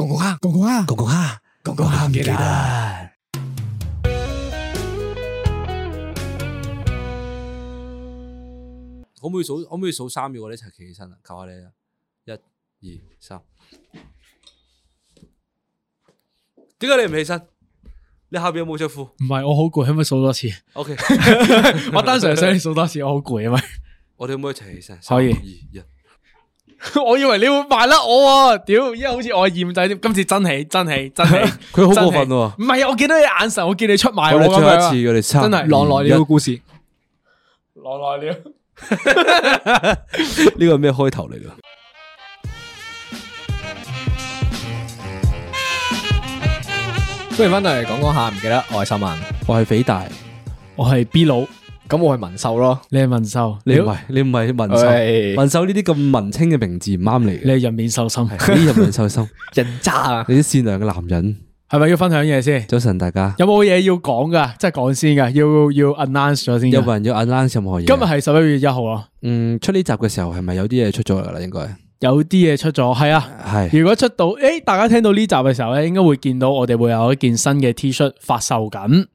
拱拱下，拱拱下，拱拱下，拱拱下，唔記得。可唔可以數？可唔可以數三秒？我哋一齊企起身啊！求下你啦，一、二、三。點解你唔起身？你下邊有冇着褲？唔係，我好攰，可唔可以數多次？OK，我單純係想你數多次，我好攰啊嘛。我哋可唔可以一齊起身？可以，二、一。 我以為你會賣甩我喎、啊，屌，因為好似我厭仔添，今次真係真係真係，佢 好過分喎，唔係啊，我見到你眼神，我見你出賣我， 我最後一次嗎我哋差狼來了呢個故事，狼來了，呢個係咩開頭嚟噶？ 歡迎翻嚟，講講下，唔記得，我係三萬，我係匪大，我係 B 佬。咁我係文秀咯，你係文秀，你唔係，你唔係文秀， 文秀呢啲咁文青嘅名字唔啱你，你係人面獸心，你人面獸心，人渣啊！你啲善良嘅男人，係咪、 啊、要分享嘢先？早晨大家，有冇嘢要講噶？即係講先噶，要要 announce 咗先。有冇人要 announce 任何嘢？今日係十一月一號啊！嗯，出呢集嘅時候係咪有啲嘢出咗嚟啦？應該有啲嘢出咗，係啊，係的。如果出到，誒、欸，大家聽到呢集嘅時候咧，應該會見到我哋會有一件新嘅 T 恤發售緊。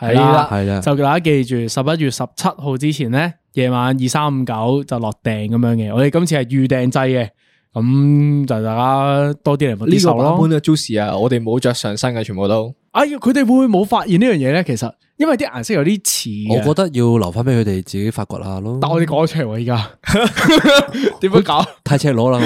係啦，係啦，了就大家記住十一月十七號之前咧，夜晚二三五九就落訂咁樣嘅。我哋今次係預訂制嘅，咁就大家多啲嚟摸底數咯。呢個版本嘅 Juice 啊，我哋冇着上身嘅，全部都。哎呀，佢哋會唔會冇發現呢樣嘢咧？其實。因為啲顏色有啲似，我覺得要留翻俾佢哋自己發掘下咯。但我哋講咗出嚟喎，依家點樣搞？太赤裸啦，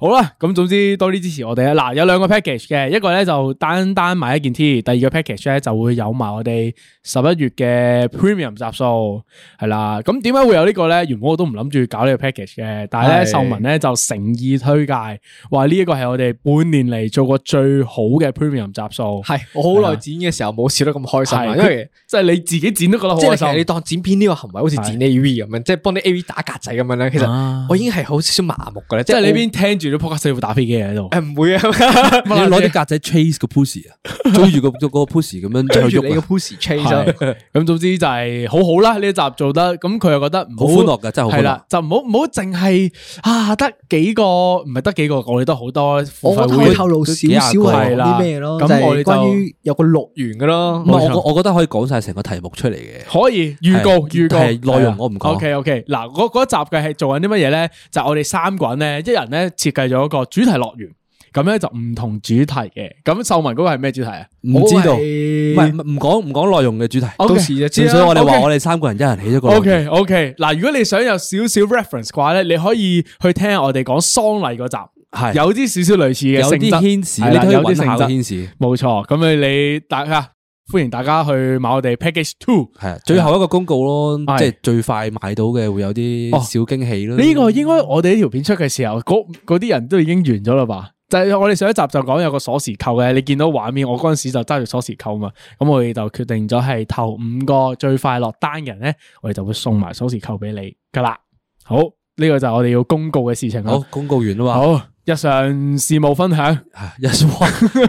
好啦，咁 總之多啲支持我哋啦。嗱，啊，有兩個 package 嘅，一個咧就單單買一件 T，第二個 package 咧就會有埋我哋十一月嘅 premium 集數係啦。咁點解會有呢個咧？原本我都唔諗住搞呢個 package 嘅，但係咧，秀文咧就誠意推介，話呢一個係我哋半年嚟做過最好嘅 premium 集數。係我好耐剪嘅時候冇笑得咁開心。因為即係你自己剪都覺得好係，其實你當剪片呢個行為好似剪 A V 咁樣，即係幫啲 A V 打格仔咁樣咧。其實我已經係好少少麻木嘅咧，即係你邊聽住都扑街細副打飛機喺度。唔會啊！你攞啲格仔 chase 個 pussy 啊，追住個嗰個 pussy 咁樣。你個 pussy chase 啊！咁總之就係好好啦，呢一集做得咁佢又覺得好歡樂嘅，真係好啦，就唔好唔好淨係啊得幾個，唔係得幾個，我哋都好多。我可以透露少少係啲咩咯？就係關於有個樂園嘅咯。我我覺。真可以講晒成個題目出嚟嘅，可以預告是預告內容我唔講。O K O K 嗱，嗰、okay, okay, 集嘅係做緊啲乜嘢咧？就是、我哋三個人咧，一人咧設計咗一個主題樂園，咁咧就唔同主題嘅。咁秀文嗰個係咩主題啊？唔知道，唔唔唔講唔講內容嘅主題，都似嘅。之所以我哋話我哋三個人一人起咗個，O K O K 嗱。如果你想有少少 reference 嘅話咧，你可以去聽，聽我哋講喪禮嗰集，係、啊、有啲少少類似嘅性質，有啲暗示，有啲性格暗示。冇錯，咁啊你大家。歡迎大家去買我哋 package two，係啊，最後一個公告咯，即係最快買到嘅會有啲小驚喜咯。哦，呢個應該我哋呢條片出嘅時候，嗰啲人都已經完咗啦吧？就係我哋上一集就講有個鎖匙扣嘅，你見到畫面，我嗰陣時就揸住鎖匙扣嘛。咁我哋就決定咗係頭五個最快落單人咧，我哋就會送埋鎖匙扣俾你噶啦。好，呢個就係我哋要公告嘅事情啦。好，哦，公告完啊嘛。好。日常事務分享，日常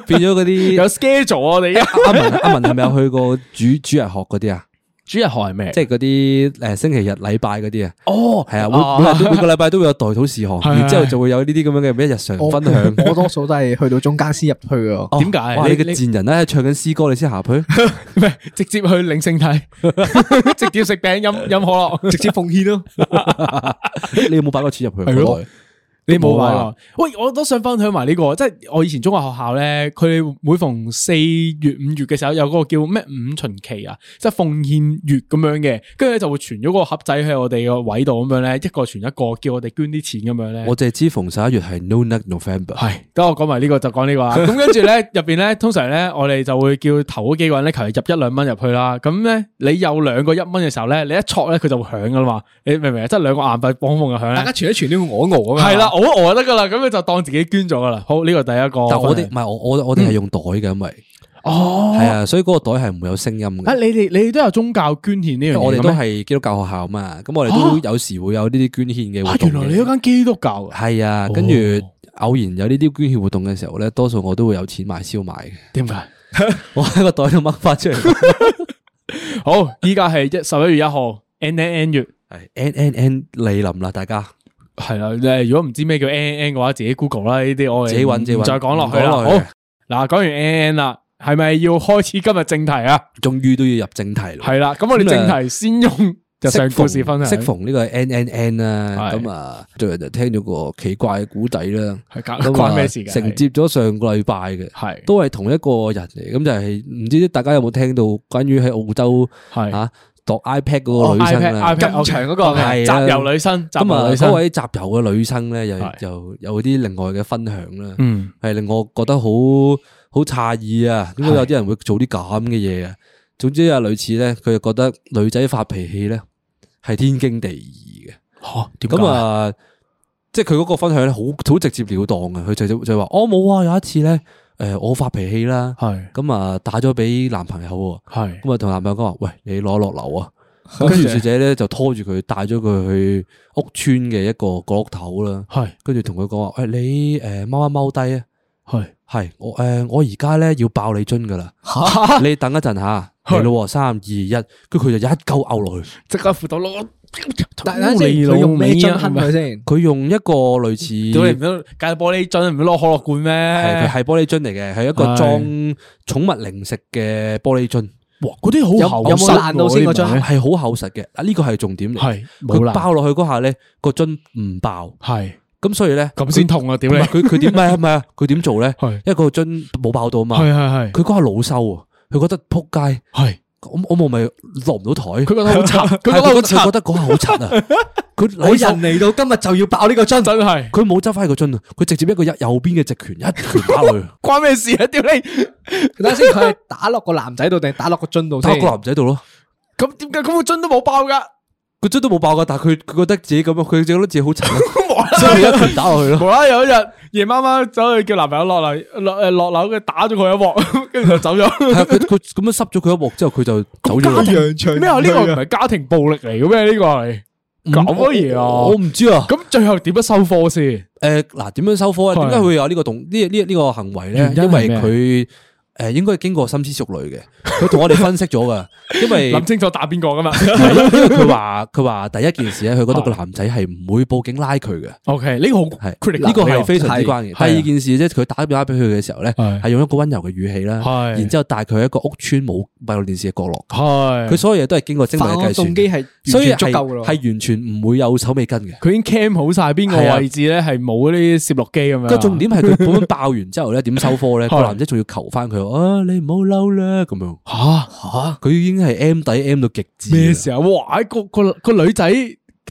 變咗嗰啲有 schedule 我哋。阿文阿文係咪有去過主主日學嗰啲啊？主日學係咩？即係嗰啲誒星期日禮拜嗰啲啊？哦，係啊，每每個禮拜都會有代禱事項，然之後就會有呢啲咁樣嘅咩日常分享。我多數都係去到中間先入去嘅。點解？你嘅賤人咧，唱緊詩歌你先入去，直接去領聖體，直接食餅飲飲可樂，直接奉獻咯。你有冇擺過錢入去？係咯。你冇買喂，我都想分享埋，這、呢個，即係我以前中學學校咧，佢哋每逢四月、五月嘅時候有嗰個叫咩五旬期啊，即係奉獻月咁樣嘅，跟住咧就會存咗個盒仔喺我哋個位度咁樣咧，一個存一個，叫我哋捐啲錢咁樣咧。我淨係知逢十一月係 No Nut November。係，咁我講埋呢個就講 呢個啦。咁跟住咧入邊咧，通常咧我哋就會叫頭嗰幾個人咧，求其入一兩蚊入去啦。咁咧你有兩個一蚊嘅時候咧，你一戳咧佢就會響噶啦嘛。你明唔明啊？即係兩個硬幣碰碰就響咧。響大家存一存都要我敖啊。係啦。好，我得噶啦，咁佢就當自己捐咗噶啦。好，呢個第一個。但係我啲唔係我我我哋係用袋嘅，因為哦係啊，所以嗰個袋係唔會有聲音嘅。啊，你哋你哋都有宗教捐獻呢樣嘢，我哋都係基督教學校吖嘛。咁我哋都有時會有呢啲捐獻嘅活動。原來你嗰間基督教係啊，跟住偶然有呢啲捐獻活動嘅時候咧，多數我都會有錢買燒賣嘅。點解？我喺個袋度掹翻出嚟。好，依家係一十一月一號，N N N 月係 N N N 蒞臨啦，大家。係啦，誒，如果唔知咩叫 N N 嘅話，自己 Google 啦，呢啲我哋自己揾自己揾，再講落去啦。好，嗱，講完 N N 啦，係咪要開始今日正題啊？終於都要入正題啦。係啦，咁我哋正題先用、嗯、就上故事分享，適逢呢個 N N N 啦的。咁啊、嗯，最近就聽咗個奇怪嘅古仔啦，係夾關咩事？承接咗上個禮拜嘅，係的都係同一個人嚟，咁就係、是、唔知大家有冇聽到關於喺澳洲係的啊？讀 iPad 嗰個女生啦，咁場嗰個集郵女生，咁啊所謂集郵嘅女生咧，又又的有啲另外嘅分享啦，係、嗯、令我覺得好好詫異啊！點解有啲人會做啲咁嘅嘢啊？的總之啊，類似咧，佢就覺得女仔發脾氣咧係天經地義嘅，吓點解？咁啊，即係佢嗰個分享咧，好好直接了當啊！佢就就就話，我、哦、冇啊，有一次咧。誒、呃，我發脾氣啦，係咁啊，打咗俾男朋友，係咁啊，同男朋友講話，喂，你攞落樓啊，跟住的小姐咧就拖住佢，帶咗佢去屋村嘅一個角落頭啦，係是跟住同佢講話，誒，你誒踎、呃、一踎低啊，係係我誒，我而家咧要爆你樽噶啦，哈你等一陣吓，係、啊、咯，三二一，跟住佢就一嚿嘔落去，即刻扶到咯。但係你用咩樽啊？係咪先？佢用一個類似，屌你唔好，介玻璃樽唔好攞可樂罐咩？係，係玻璃樽嚟嘅，係一個裝寵物零食嘅玻璃樽。哇，嗰啲好厚實，有冇爛到先個樽？係好厚實嘅，啊呢個係重點嚟。係佢爆落去嗰下咧，個樽唔爆。係咁所以咧，咁先痛啊？點咧？佢佢點？唔係唔係啊？佢點做咧？係因為個樽冇爆到啊嘛。係係係。佢嗰下老修，佢覺得扑街。係。我我冇咪落唔到台，佢覺得好慘，佢覺得 覺得嗰下好慘啊！佢人嚟到今日就要爆呢個樽，真係佢冇執翻個樽，佢直接一個右右邊嘅直拳一拳打落去， 關咩事啊？屌你！等下先，佢係打落個男仔度定係打落個樽度？打落個男仔度咯。咁點解咁個樽都冇爆噶？ 個樽都冇爆噶，但係佢佢覺得自己咁樣，佢覺得自己好慘。 佢一拳打落去咯。無啦，有一日夜媽媽走去叫男朋友落嚟落誒落樓，跟住打咗佢一鑊，跟住就走咗。係佢佢咁樣濕咗佢一鑊，之後佢就走咗。咩啊？呢個唔係家庭暴力嚟嘅咩？呢個係搞乜嘢啊？我唔知啊。咁最後點樣收科先？誒，嗱，點樣收科啊？點解會有呢個動呢？呢呢個行為咧？因為佢。誒，應該係經過深思熟慮嘅，佢同我哋分析咗噶，因為諗清楚打邊個噶嘛。係，因為佢話佢話第一件事咧，佢覺得個男仔係唔會報警拉佢嘅。O K，呢個係呢個係非常之關鍵。第二件事即係佢打電話俾佢嘅時候咧，係用一個温柔嘅語氣啦，然之後帶佢一個屋邨，冇閉路電視嘅角落，佢所有嘢都係經過精密嘅計算。動機係完全足夠噶咯，係完全唔會有手尾跟嘅。佢已經 cam 好晒邊個位置咧，係冇嗰啲攝錄機咁樣。個重點係佢咁爆完之後咧，點收科咧？個男仔仲要求翻佢。.啊！你唔好嬲啦，咁樣吓吓，佢已經係 M 底 M 到極致咩時候？哇！個個個女仔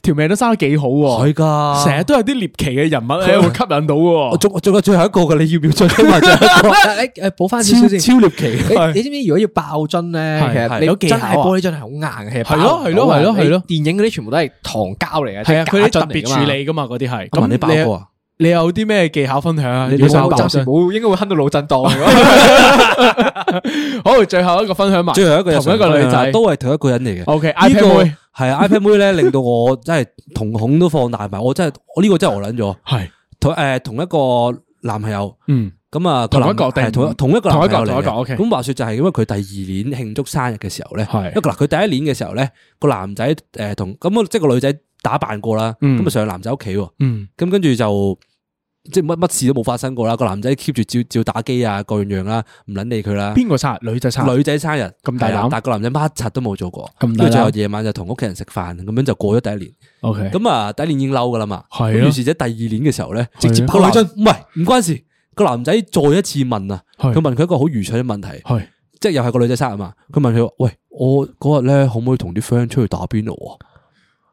條命都生得幾好喎，係噶，成日都係啲獵奇嘅人物咧會吸引到。仲仲有最後一個嘅，你要唔要再？誒誒，補翻少少先。超獵奇，你你知唔知如果要爆樽咧？其實你都技巧，真係玻璃樽係好硬嘅，係咯係咯係咯係咯。電影嗰啲全部都係糖膠嚟嘅，佢係特別處理噶嘛，嗰啲係。咁你爆過啊？你有啲咩技巧分享啊？你冇暫時冇，應該會坑到腦震蕩。好，最後一個分享埋。最後一個同一個女仔都係同一個人嚟嘅。OK，iPad iPad 妹咧，令到我真係瞳孔都放大埋。我真係，我呢個真係我捻咗。係同誒同一個男朋友。嗯。咁啊，同一個係同同一個同同一個 OK。咁話說就係因為佢第二年慶祝生日嘅時候咧，一個嗱，佢第一年嘅時候咧，個男仔誒同咁即係個女仔。打扮過啦，咁咪上男仔屋企喎，咁跟住就即係乜乜事都冇發生過啦。個男仔 keep 住照照打機啊，各樣樣啦，唔捻理佢啦。邊個生日？女仔生日？女仔生日咁大膽，但係個男仔乜柒都冇做過，咁最後夜晚就同屋企人食飯，咁樣就過咗第一年。O K，咁啊第一年已經嬲噶啦嘛，咁於是者第二年嘅時候咧，直接跑嚟，唔係唔關事。個男仔再一次問啊，佢問佢一個好愚蠢嘅問題，即係又係個女仔生日啊嘛？佢問佢：喂，我嗰日咧可唔可以同啲 friend 出去打邊爐啊？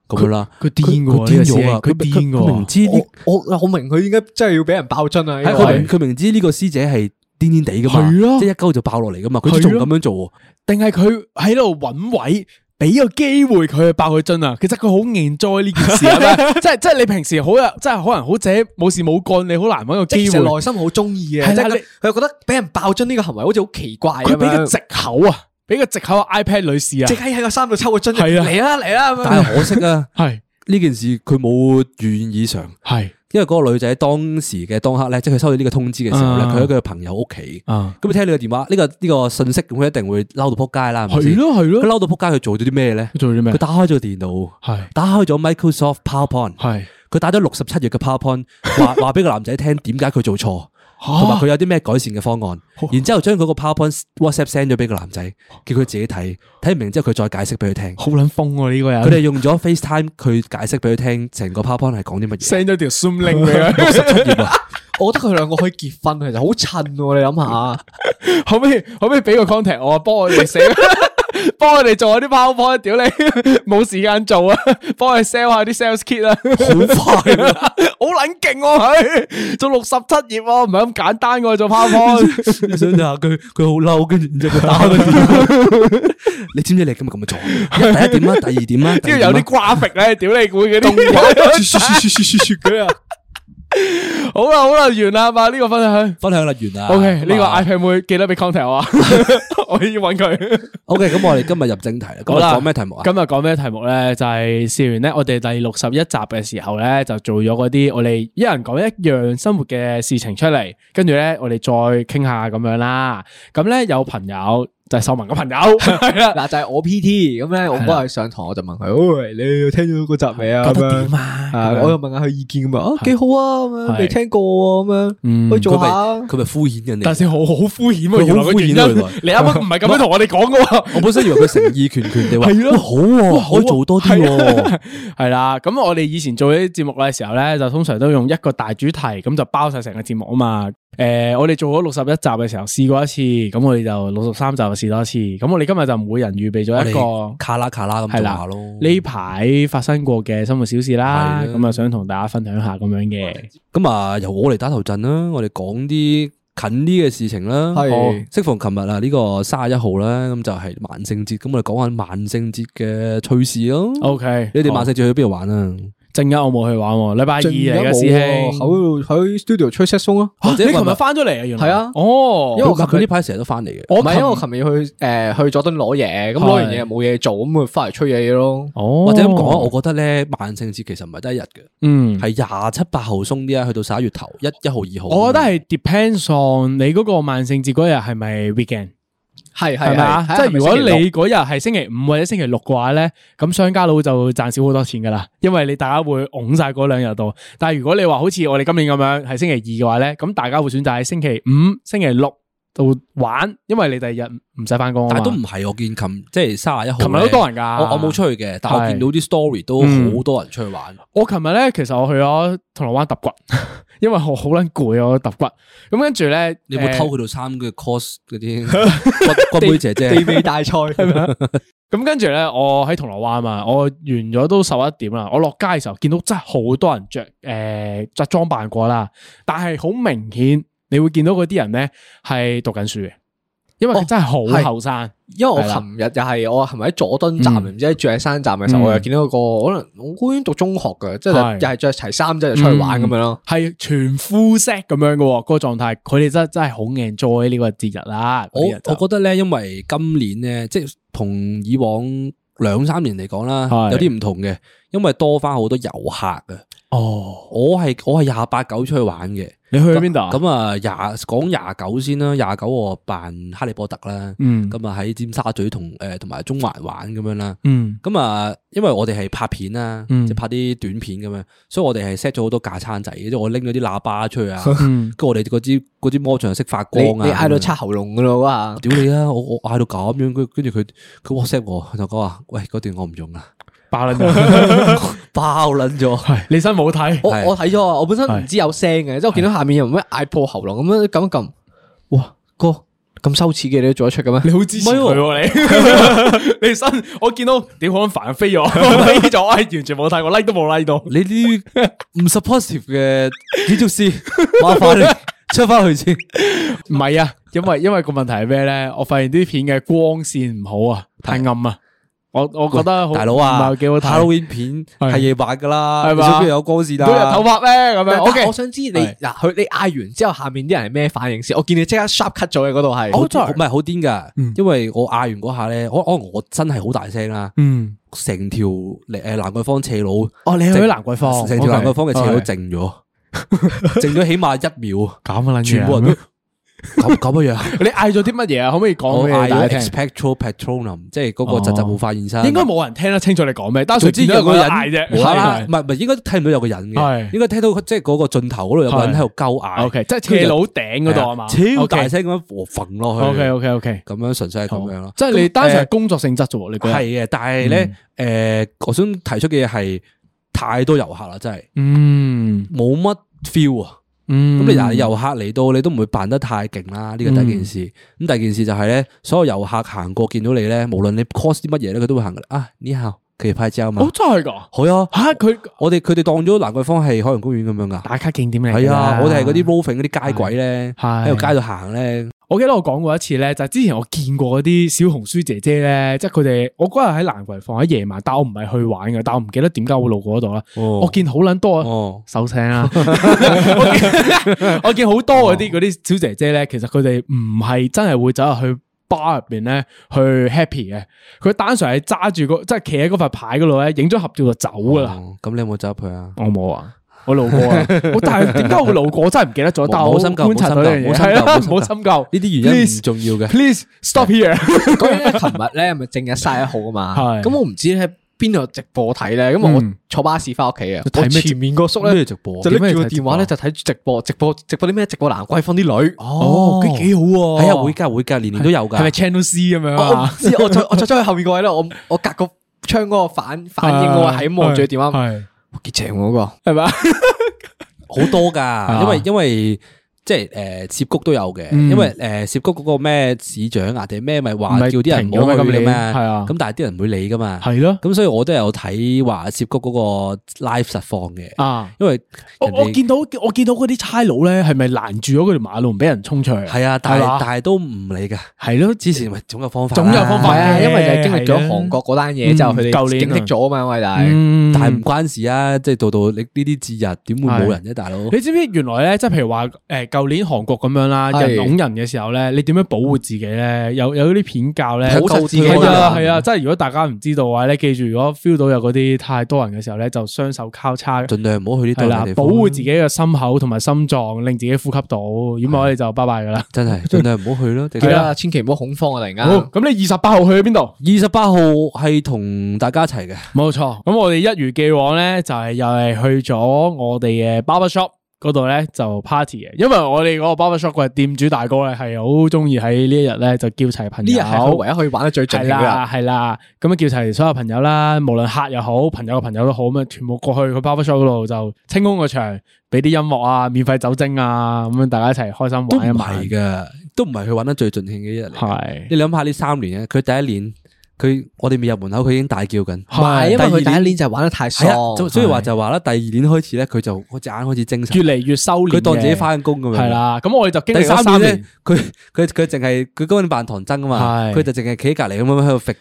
咁啦，佢癲嘅，佢癲咗啦，佢癲嘅。我明知呢，我我明佢應該真係要俾人爆樽啊！佢明，佢明知呢個師姐係癲癲地噶嘛，即一勾就爆落嚟噶嘛，佢仲咁樣做，定係佢喺度揾位俾個機會佢去爆佢樽啊？其實佢好 enjoy 呢件事，即係即係你平時好啊，即係可能好者冇事冇幹，你好難搵個機會，內心好中意嘅，佢又覺得俾人爆樽呢個行為好似好奇怪，佢俾個借口啊。.俾個借口 iPad 女士啊！直喺喺個衫度抽個樽嚟啊嚟啊！但係可惜啊，係呢件事佢冇如願以償。係因為嗰個女仔當時嘅當刻咧，即係佢收到呢個通知嘅時候咧，佢喺佢嘅朋友屋企。啊，咁聽你嘅電話，呢個呢個信息，咁佢一定會嬲到扑街啦。係咯係咯，佢嬲到扑街，佢做咗啲咩咧？做咗咩？佢打開咗電腦，係打開咗 Microsoft PowerPoint，係佢打咗六十七頁嘅 PowerPoint，話話俾個男仔聽點解佢做錯，同埋佢有啲咩改善嘅方案，啊、然後、啊、之後將佢個 PowerPoint WhatsApp send 咗俾個男仔，叫佢自己睇，睇唔明之後佢再解釋俾佢聽。好捻瘋啊呢、這個人！佢哋用咗 FaceTime，佢解釋俾佢聽，成個 PowerPoint 係講啲乜嘢。send 咗條 Zoom link 咁樣，六十幾頁。我覺得佢兩個可以結婚，其實好襯喎。你諗下， 可唔可以可唔可以俾個 contact 我啊？幫我哋寫。 幫我哋做，point, 做一下啲 PowerPoint，屌你冇時間做啊！幫我哋 sell 下啲 sales kit 啊！好快啊，好撚勁，我佢做六十七頁，我唔係咁簡單我做 PowerPoint。你想就係佢，佢好嬲，跟住然之後佢打咗 你知唔知你今日咁嘅狀？第一點啦、啊？第二點啦、啊？即係、啊、有啲 graphic 咧，屌你估嗰啲動畫。好啦，好啦，完啦，把、這、呢個分享分享啦，完啦。OK，呢個 iPad 妹記得俾 contact 我啊， 我要揾佢。OK，咁我哋今日入正題啦。講咩 題目啊？今日講咩題目咧？就係、是、試完咧，我哋第六十一集嘅時候咧，就做咗嗰啲我哋一人講一樣生活嘅事情出嚟，跟住咧我哋再傾下咁樣啦。咁咧有朋友。就係秀文嘅朋友，嗱就係我 PT 咁咧，我嗰日上堂我就問佢，喂，你聽咗個集未啊？咁點啊？我又問下佢意見咁嘛，幾好啊？未聽過咁樣，去做下佢咪敷衍人哋？但係我好敷衍啊！原來佢原因，你啱啱唔係咁樣同我哋講嘅，我本身以為佢誠意拳拳地話，好，可以做多啲。係啦，咁我哋以前做啲節目嘅時候咧，就通常都用一個大主題，咁就包晒成個節目啊嘛。誒、呃，我哋做咗六十一集嘅時候試過一次，咁我哋就六十三集試多次，咁我哋今日就每人預備咗一個卡啦卡啦咁下咯。呢排發生過嘅生活小事啦，咁啊的想同大家分享下咁樣嘅。咁啊，由我嚟打頭陣啦，我哋講啲近啲嘅事情啦。係的，哦、適逢琴日啊，呢、這個三十一號啦，咁就係萬聖節，咁我哋講緊萬聖節嘅趣事咯。OK，你哋萬聖節去邊度玩啊？正日我冇去玩喎，禮拜二嚟嘅時候，喺喺、啊、studio 吹 set 鬆咯。你琴日翻咗嚟啊？原來係啊，哦，因為佢呢排成日都翻嚟嘅。我因為我琴日去誒、呃、去佐敦攞嘢，咁攞是完嘢冇嘢做，咁咪翻嚟吹嘢嘢咯。哦、或者咁講，我覺得咧萬聖節其實唔係得一日嘅，嗯，係廿七八號鬆啲啊，去到十一月頭一一號二號。我覺得係 depends on 你嗰個萬聖節嗰日係咪 weekend。是係係嘛，即係如果你嗰日係星期五或者星期六嘅話咧，咁商家佬就會賺少好多錢噶啦，因為你大家會拱晒嗰兩日度。但係如果你話好似我哋今年咁樣係星期二嘅話咧，咁大家會選擇喺星期五、星期六。就玩，因為你第二日唔使翻工，但係都唔係，我見琴，即係三十一號，琴日都多人噶。我冇出去嘅，但係我見到啲 story 都好多人出去玩。嗯、我琴日咧，其實我去咗銅鑼灣揼骨，因為我好撚攰啊，揼骨。咁跟住咧，你有，有偷佢套衫嘅 cos 嗰啲骨妹姐姐 地味大賽，係咪？咁跟住咧，我喺銅鑼灣啊嘛，我完咗都十一點啦。我落街嘅時候見到真係好多人着誒，即、呃、裝扮過啦，但係好明顯。你會見到嗰啲人咧，係讀緊書嘅，因為真係好後生。因為我琴日又係，我係咪喺佐敦站，唔、嗯、知住喺山站嘅時候，嗯、我又見到個，可能我應該讀中學嘅，即係又係着齊衫即就、就是、出去玩咁、嗯、樣咯，係全 full set 咁樣嘅。嗰個狀態，佢哋真真係好 enjoy 呢個節日啦。我我覺得咧，因為今年咧，即係同以往兩三年嚟講啦，有啲唔同嘅，因為多翻好多遊客嘅。哦，我係我係廿八九出去玩嘅，你去咗邊度？咁啊，廿講廿九先啦，廿九我扮哈利波特啦，嗯，咁啊喺尖沙咀同誒同埋中環玩咁樣啦，嗯，咁啊，因為我哋係拍片啦，嗯，即拍啲短片咁樣，所以我哋係 set 咗好多架撐仔，即我拎咗啲喇叭出去啊，跟住 我哋嗰支嗰支魔杖又識發光啊， 你嗌到插喉嚨噶咯，哇！屌你啊！我我嗌到咁樣，跟跟住佢佢 WhatsApp 我，我就講話，喂，嗰段我唔用啊。爆撚咗，爆撚咗！你真冇睇，我我睇咗啊！我本身唔知有聲嘅，即我見到下面有咩嗌破喉嚨咁樣撳一撳，哇哥咁羞恥嘅你都做得出嘅咩？你好自私佢你？你新我見到屌好煩啊，飛咗，就完全冇睇，我 like 都冇 like 到。你啲唔 supportive 嘅，繼續先，出翻去先。唔係啊，因為因為個問題係咩咧？我發現啲片嘅光線唔好啊，太暗啊。我我覺得大佬啊 Halloween 片係夜晚噶啦，係嘛，邊有光線啊？剪頭髮咧咁樣，O K。我想知你嗱佢你嗌完之後，下面啲人係咩反應先？我見你即刻 sharp cut 咗嘅嗰度係，唔係好癲噶，因為我嗌完嗰下咧，我我我真係好大聲啦，嗯，成條誒蘭桂坊斜路，哦，你去咗蘭桂坊，成條蘭桂坊嘅斜路靜咗，靜咗起碼一秒，咁啊，全部人都。.咁咁樣，你嗌咗啲乜嘢啊？可唔可以講嗌 Expecto Patronum 即係嗰個疾疾護法現身，應該冇人聽得清楚你講咩。單純知有個人啫，係啦，唔係唔係，應該聽唔到有個人嘅，係應該聽到即係嗰個盡頭嗰度有個人喺度勾眼，即係斜路頂嗰度係嘛，超大聲咁樣，和焚落去。OK OK OK，咁樣純粹係咁樣咯，即係你單純係工作性質做，喎。你係嘅，但係咧，誒，我想提出嘅嘢係太多遊客啦，真係，嗯，冇乜 feel 啊。咁、嗯、你遊客嚟到，你都唔會扮得太勁啦。呢個第一件事，咁、嗯、第二件事就係、是、咧，所有遊客行過見到你咧，無論你 cost 啲乜嘢咧，佢都會行噶啦。啊呢下佢哋拍照嘛，好、哦，真係噶，好啊，吓佢我哋佢哋當咗蘭桂坊係海洋公園咁樣噶打卡景點嚟。係啊，我哋係嗰啲 rolling 嗰啲街鬼咧，喺條的街度行咧。我記得我講過一次咧，就係、是、之前我見過嗰啲小紅書姐姐咧，即係佢哋，我嗰日喺南桂放喺夜晚，但係我唔係去玩嘅，但係唔記得點解會路過嗰度啦。我見好卵多哦，收聲啊！我見好多嗰啲嗰啲小姐姐咧，其實佢哋唔係真係會走入去 bar 入邊咧去 happy 嘅，佢單純係揸住個即係企喺嗰塊牌嗰度咧，影咗合照就走噶啦。咁、嗯、你有冇走入去啊？我冇啊。我路過啊，但係點解會路過？我真係唔記得咗。但我冇深究，嘅係啦，唔好深究呢啲原因唔重要嘅。Please stop here。咁因為琴日咧，咪正日晒一號啊嘛。咁我唔知喺邊度直播睇咧。咁我坐巴士翻屋企啊。睇咩直播？前面個叔咧，就拎住電話咧，就睇直播，直播，直播啲咩？直播蘭桂坊啲女。哦，幾好喎。係啊，會噶會噶，年年都有噶。係咪 Channel C 咁樣，我我出去咗後面個位啦。我我隔個窗嗰個反反應個位望住電話。好長嗰個係咪，好是吧 多噶、啊，因為因為。即係誒涉谷都有嘅，因為誒涉谷嗰個咩市長啊定咩咪話叫啲人唔好去嘅咩？係啊，咁但係啲人唔會理噶嘛。係咯，咁所以我都有睇話涉谷嗰個 live 實況嘅啊，因為我我見到我見到嗰啲差佬咧，係咪攔住咗嗰條馬路，唔俾人衝出去？係啊，但係但係都唔理嘅。係咯，之前咪總有方法，總有方法啊，因為就經歷咗韓國嗰單嘢，就佢哋警惕咗啊嘛，喂，但係但係唔關事啊，即係到到你呢啲節日點會冇人啫，大佬？你知唔知原來咧，即係譬如話誒。舊年韓國咁樣啦，的人擁人嘅時候咧，你點樣保護自己咧？有有啲片教咧。係啊係啊，即係、嗯、如果大家唔知道嘅話咧，記住如果 feel 到有嗰啲太多人嘅時候咧，就雙手交叉，盡量唔好去呢度啦保護自己嘅心口同埋心臟，令自己呼吸到，咁的我哋就拜拜噶啦。真係盡量唔好去咯，記得 千祈唔好恐慌啊！突然間，好咁你二十八號去咗邊度？二十八號係同大家一齊嘅，冇錯。咁我哋一如既往咧，就係又係去咗我哋嘅 barbershop。嗰度咧就 party 嘅，因為我哋嗰個 barber shop 嘅店主大哥咧係好中意喺呢一日咧就叫齊朋友。呢日係唯一可以玩得最盡嘅。係啦，咁樣叫齊所有朋友啦，無論客又好，朋友嘅朋友都好，咁樣全部過去個 barber shop 嗰度就清空個場，俾啲音樂啊，免費酒精啊，咁樣大家一齊開心玩一晚。都唔係噶，都唔係佢玩得最盡興嘅一日嚟。係的，你諗下呢三年啊，佢第一年。佢我哋未入門口，佢已經大叫緊。係因為佢第一年就玩得太傻，所以話就話啦。第二年開始咧，佢就嗰隻眼開始精神，越嚟越收斂。佢當自己翻工咁樣。係啦，咁我哋就經歷咗三年。佢佢佢淨係佢嗰陣扮唐僧啊嘛，佢就淨係企喺隔籬咁樣喺度 f i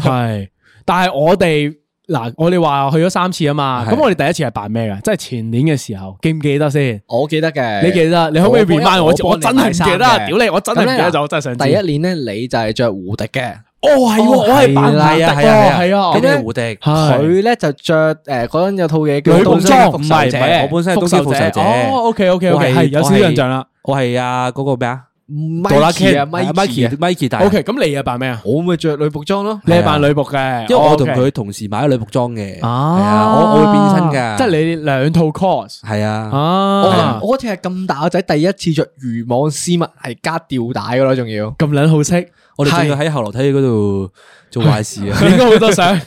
係，但係我哋嗱，我哋話去咗三次啊嘛。咁我哋第一次係扮咩噶？即係前年嘅時候，記唔記得先？我記得嘅，你記得？你可唔可以 r e 我？我真係記得，屌你，我真係記得就我真係。第一年咧，你就係着蝴蝶嘅。哦係，我係扮胡迪啊，係啊，係啊，跟住胡迪，佢咧就着誒嗰陣有套嘢叫女僕裝，唔係，我本身係復仇復仇者，哦，OK OK OK，係有少少印象啦，我係阿嗰個咩啊，米奇啊，米米奇啊，米奇，OK，咁你又扮咩啊？我會着女僕裝咯，你係扮女僕嘅，因為我同佢同時買咗女僕裝嘅，係啊，我我會變身噶，即係你兩套 cos，係啊，我我其實咁大個仔第一次着漁網絲襪係加吊帶噶咯，仲要咁捻好色。我哋見佢喺後樓梯嗰度做壞事啊，影咗好多相。我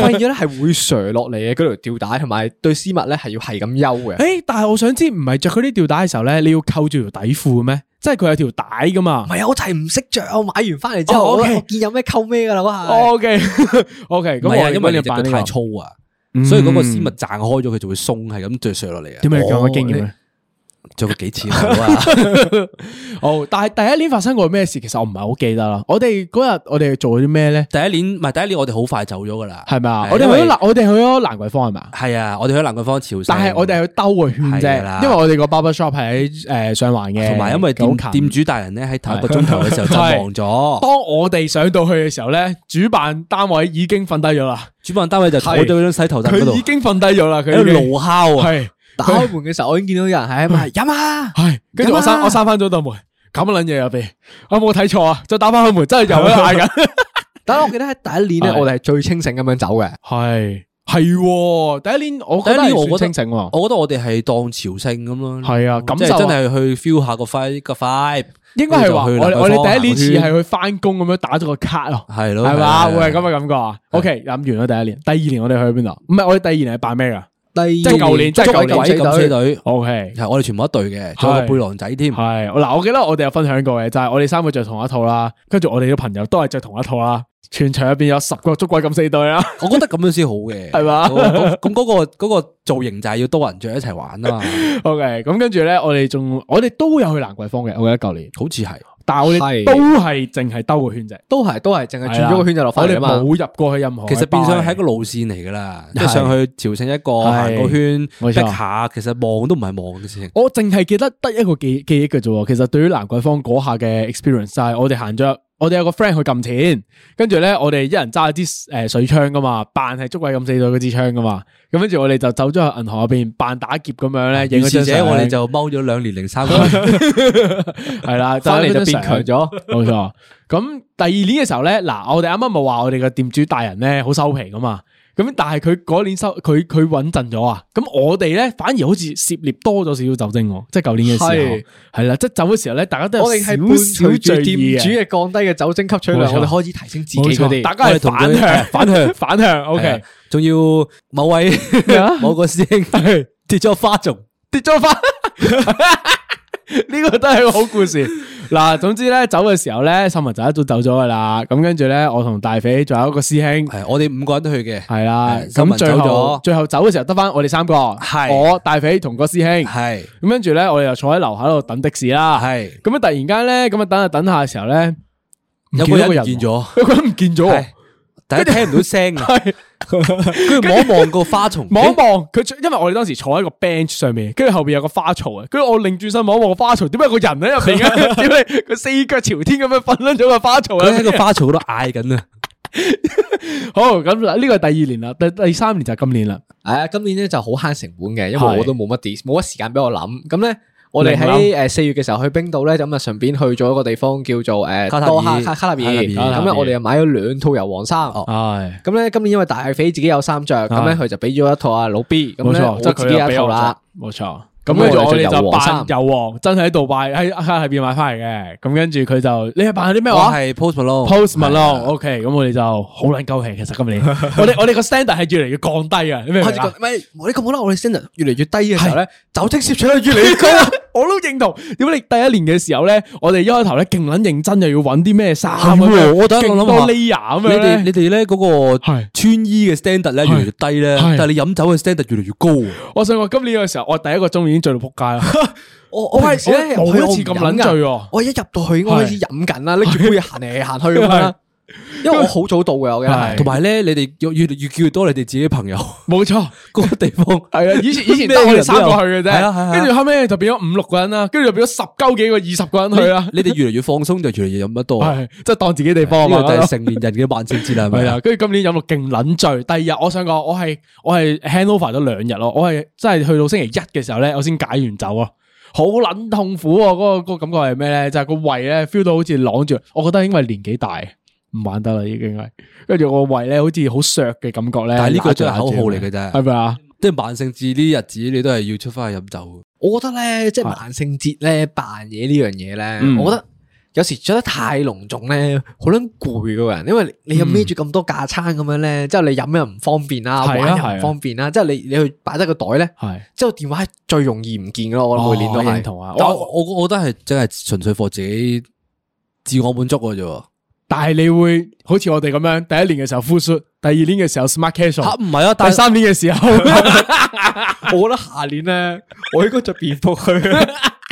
發現咧，係會垂落嚟嘅嗰條吊帶，同埋對絲襪咧，係要係咁悠嘅。誒，但係我想知，唔係着嗰啲吊帶嘅時候咧，你要扣住條底褲嘅咩？即係佢有條帶噶嘛？唔係啊，我就係唔識着，我買完翻嚟之後，我見有咩扣咩噶啦嗰下。OK OK，咁啊，因為你扮得太粗啊，所以嗰個絲襪撐開咗，佢就會鬆，係咁對垂落嚟啊。點解咁嘅經驗？做過幾次好啊？ 哦，但係第一年發生過咩事？其實我唔係好記得啦。我哋嗰日我哋做咗啲咩咧？第一年唔係第一年，我哋好快走咗噶啦，係咪啊？我哋去咗蘭，我哋去咗蘭桂坊係嘛？係啊，我哋去蘭桂坊潮汕。但係我哋係去兜個圈啫，啦因為我哋個 barber shop 係喺誒上環嘅，同埋因為店主大人咧喺頭一個鐘頭嘅時候就忙咗。當我哋上到去嘅時候咧，主辦單位已經瞓低咗啦。主辦單位就坐咗張洗頭凳嗰度，已經瞓低咗啦，佢喺度爐敲啊。打開門嘅時候，我已經見到有人喺埋飲啊！係，跟住我閂，我閂翻咗道門，咁卵嘢入邊，我冇睇錯啊！再打翻開門，真係入咗去噶。但係我記得喺第一年咧，我哋係最清醒咁樣走嘅。係係，第一年我第一年我覺得，我覺得我哋係當朝聖咁咯。係啊，咁就真係去 feel 下個 vibe 個 vibe。應該係話我我哋第一年似係去翻工咁樣打咗個 card 咯，係咯係嘛，會係咁嘅感覺啊。OK，飲完咗第一年，第二年我哋去邊度？唔係我哋第二年係扮咩啊？即係舊年，即係捉鬼敢死隊，OK，係我哋全部一隊嘅，仲有個背囊仔添。係嗱， 我記得我哋有分享過嘅，就係、係、我哋三個着同一套啦，跟住我哋嘅朋友都係着同一套啦。全場入邊有十個捉鬼敢死隊啊！ 我覺得咁樣先好嘅，係嘛 吧？咁咁嗰個嗰、嗰個嗰個造型就係要多人着一齊玩啊 ！OK，咁跟住咧，我哋仲我哋都有去蘭桂坊嘅，我記得舊年好似係。但係我哋都係淨係兜個圈啫，都係都係淨係轉咗個圈就落翻。我哋冇入過去任何，其實變相係一個路線嚟噶啦，一的上去朝聖一個行個的圈，一下其實望都唔係望嘅事情。我淨係記得得一個記記憶嘅啫。其實對於蘭桂坊嗰下嘅 experience，就係我哋行咗。我哋有個 friend 去撳錢，跟住咧我哋一人揸一支誒水槍噶嘛，扮係捉鬼咁死咗嗰支槍噶嘛，咁跟住我哋就走咗去銀行入邊扮打劫咁樣咧。影個相。如是者我哋就踎咗兩年零三個月，係啦，翻嚟就變強咗，冇錯。 咁第二年嘅時候咧，嗱，我哋啱啱咪話我哋嘅店主大人咧好收皮噶嘛。咁但係佢嗰年收佢佢穩陣咗啊！咁我哋咧反而好似涉獵多咗少少酒精，即係舊年嘅時候係啦是，即係走嘅時候咧，大家都係半少，少，少，少注意嘅，主要降低嘅酒精吸取量，我哋開始提升自己，錯大家反向 反向反向，OK，仲、啊、要某位麼某個師兄跌咗 是花仲跌咗花。 呢個都係個好故事嗱，總之咧走嘅時候咧，秀文就一早走咗噶啦。咁跟住咧，我同大肥仲有一個師兄，係我哋五個人都去嘅，係啦了。咁最後最後走嘅是時候，得翻我哋三個，係我大肥同個師兄，係咁跟住咧，我哋就坐喺樓下度等的士啦。係咁樣，突然間咧，咁啊等下等下嘅時候咧，有個人唔見咗， 有個人唔見咗。但係聽唔到聲啊！跟住望一望個花叢，望 一望看佢，因為我哋當是時坐喺個 bench 上面，跟住後邊有個花槽啊。跟住我擰轉身望一望個花槽，點解有個人喺入邊啊？點解佢四腳朝天咁樣瞓喺咗個花槽啊？佢喺個花槽嗰度嗌緊啊！好咁啦，呢個係第二年啦，第第三年就係今年啦。誒，今年咧，就好慳成本嘅，因為我都冇乜點，冇乜時間俾我諗，咁咧。我哋喺誒四月嘅時候去冰島咧，就咁啊，順便去咗一個地方叫做誒卡塔多哈卡卡。咁咧我哋又買咗兩套油黃衫。哦、哎，係。咁咧今年因為大肥自己有衫着，咁咧佢就俾咗一套啊老 B、哎。冇錯，就錯自己一套啦。冇錯。咁跟住我哋就扮友王，真係喺杜拜喺喺邊買翻嚟嘅。咁跟住佢就你係扮啲咩？我係 Post Malone，Post Malone。OK，咁我哋就好撚鳩氣。其實今年我哋我哋個 standard 係越嚟越降低啊。你明唔明啊？唔係你覺唔覺我哋 standard 越嚟越低嘅時候咧，酒精攝取係越嚟越高？我都認同。點解你第一年嘅時候咧，我哋一開頭咧勁撚認真，又要揾啲咩衫？我等下我諗下。你哋你哋咧嗰個穿衣嘅 standard 咧越嚟越低咧，但係你飲酒嘅 standard 越嚟越高。我想話今年嘅時候，我第一個鍾意。已經醉到扑街啦！我我開始咧，我，我一次咁撚醉喎！我一入到去，已經我開始飲緊啦，拎住杯行嚟行去咁啦。 因為我好早到嘅，我嘅是，同埋咧，你哋越越越叫越多，你哋自己朋友，冇錯錯，嗰 個地方係啊，以前都以前得我哋三個去嘅啫，係跟住後尾就變咗五六個人啦，跟住就變咗十鳩幾個、二十個人去啊，是 你哋越嚟越放鬆，就越嚟越飲得多，即係、啊、當自己地方，呢個就係成年人嘅萬聖節啦，係 啊，跟住今年飲到勁捻醉，第二日我想講，我係我係 hand over 咗兩日咯，我係真係去到星期一嘅時候咧，我先解完酒啊。好捻痛苦啊，嗰、嗰個、嗰個感覺係咩咧？就係、是、個胃咧 feel 到好似晾住，我覺得因為年紀大。唔玩得啦，已經係跟住我胃咧，好似好削嘅感覺咧。但係呢個都係口號嚟嘅啫，係咪啊？即係萬聖節呢啲日子，你都係要出翻去飲酒。我覺得咧，即係萬聖節咧扮嘢呢樣嘢咧，我覺得有時着得太隆重咧，好捻攰嘅人，因為你又孭住咁多架撐咁樣咧，之後你飲又唔方便啦，玩又唔方便啦，即係你你去擺得個袋咧，之後電話係最容易唔見咯。我諗每年都認同啊。我我覺得係真係純粹靠自己自我滿足嘅啫。但係你會好似我哋咁樣，第一年嘅時候 full suit 第二年嘅時候 smart casual，唔係啊？啊但 第三年嘅時候， 我覺得下年咧， 我應該着便服去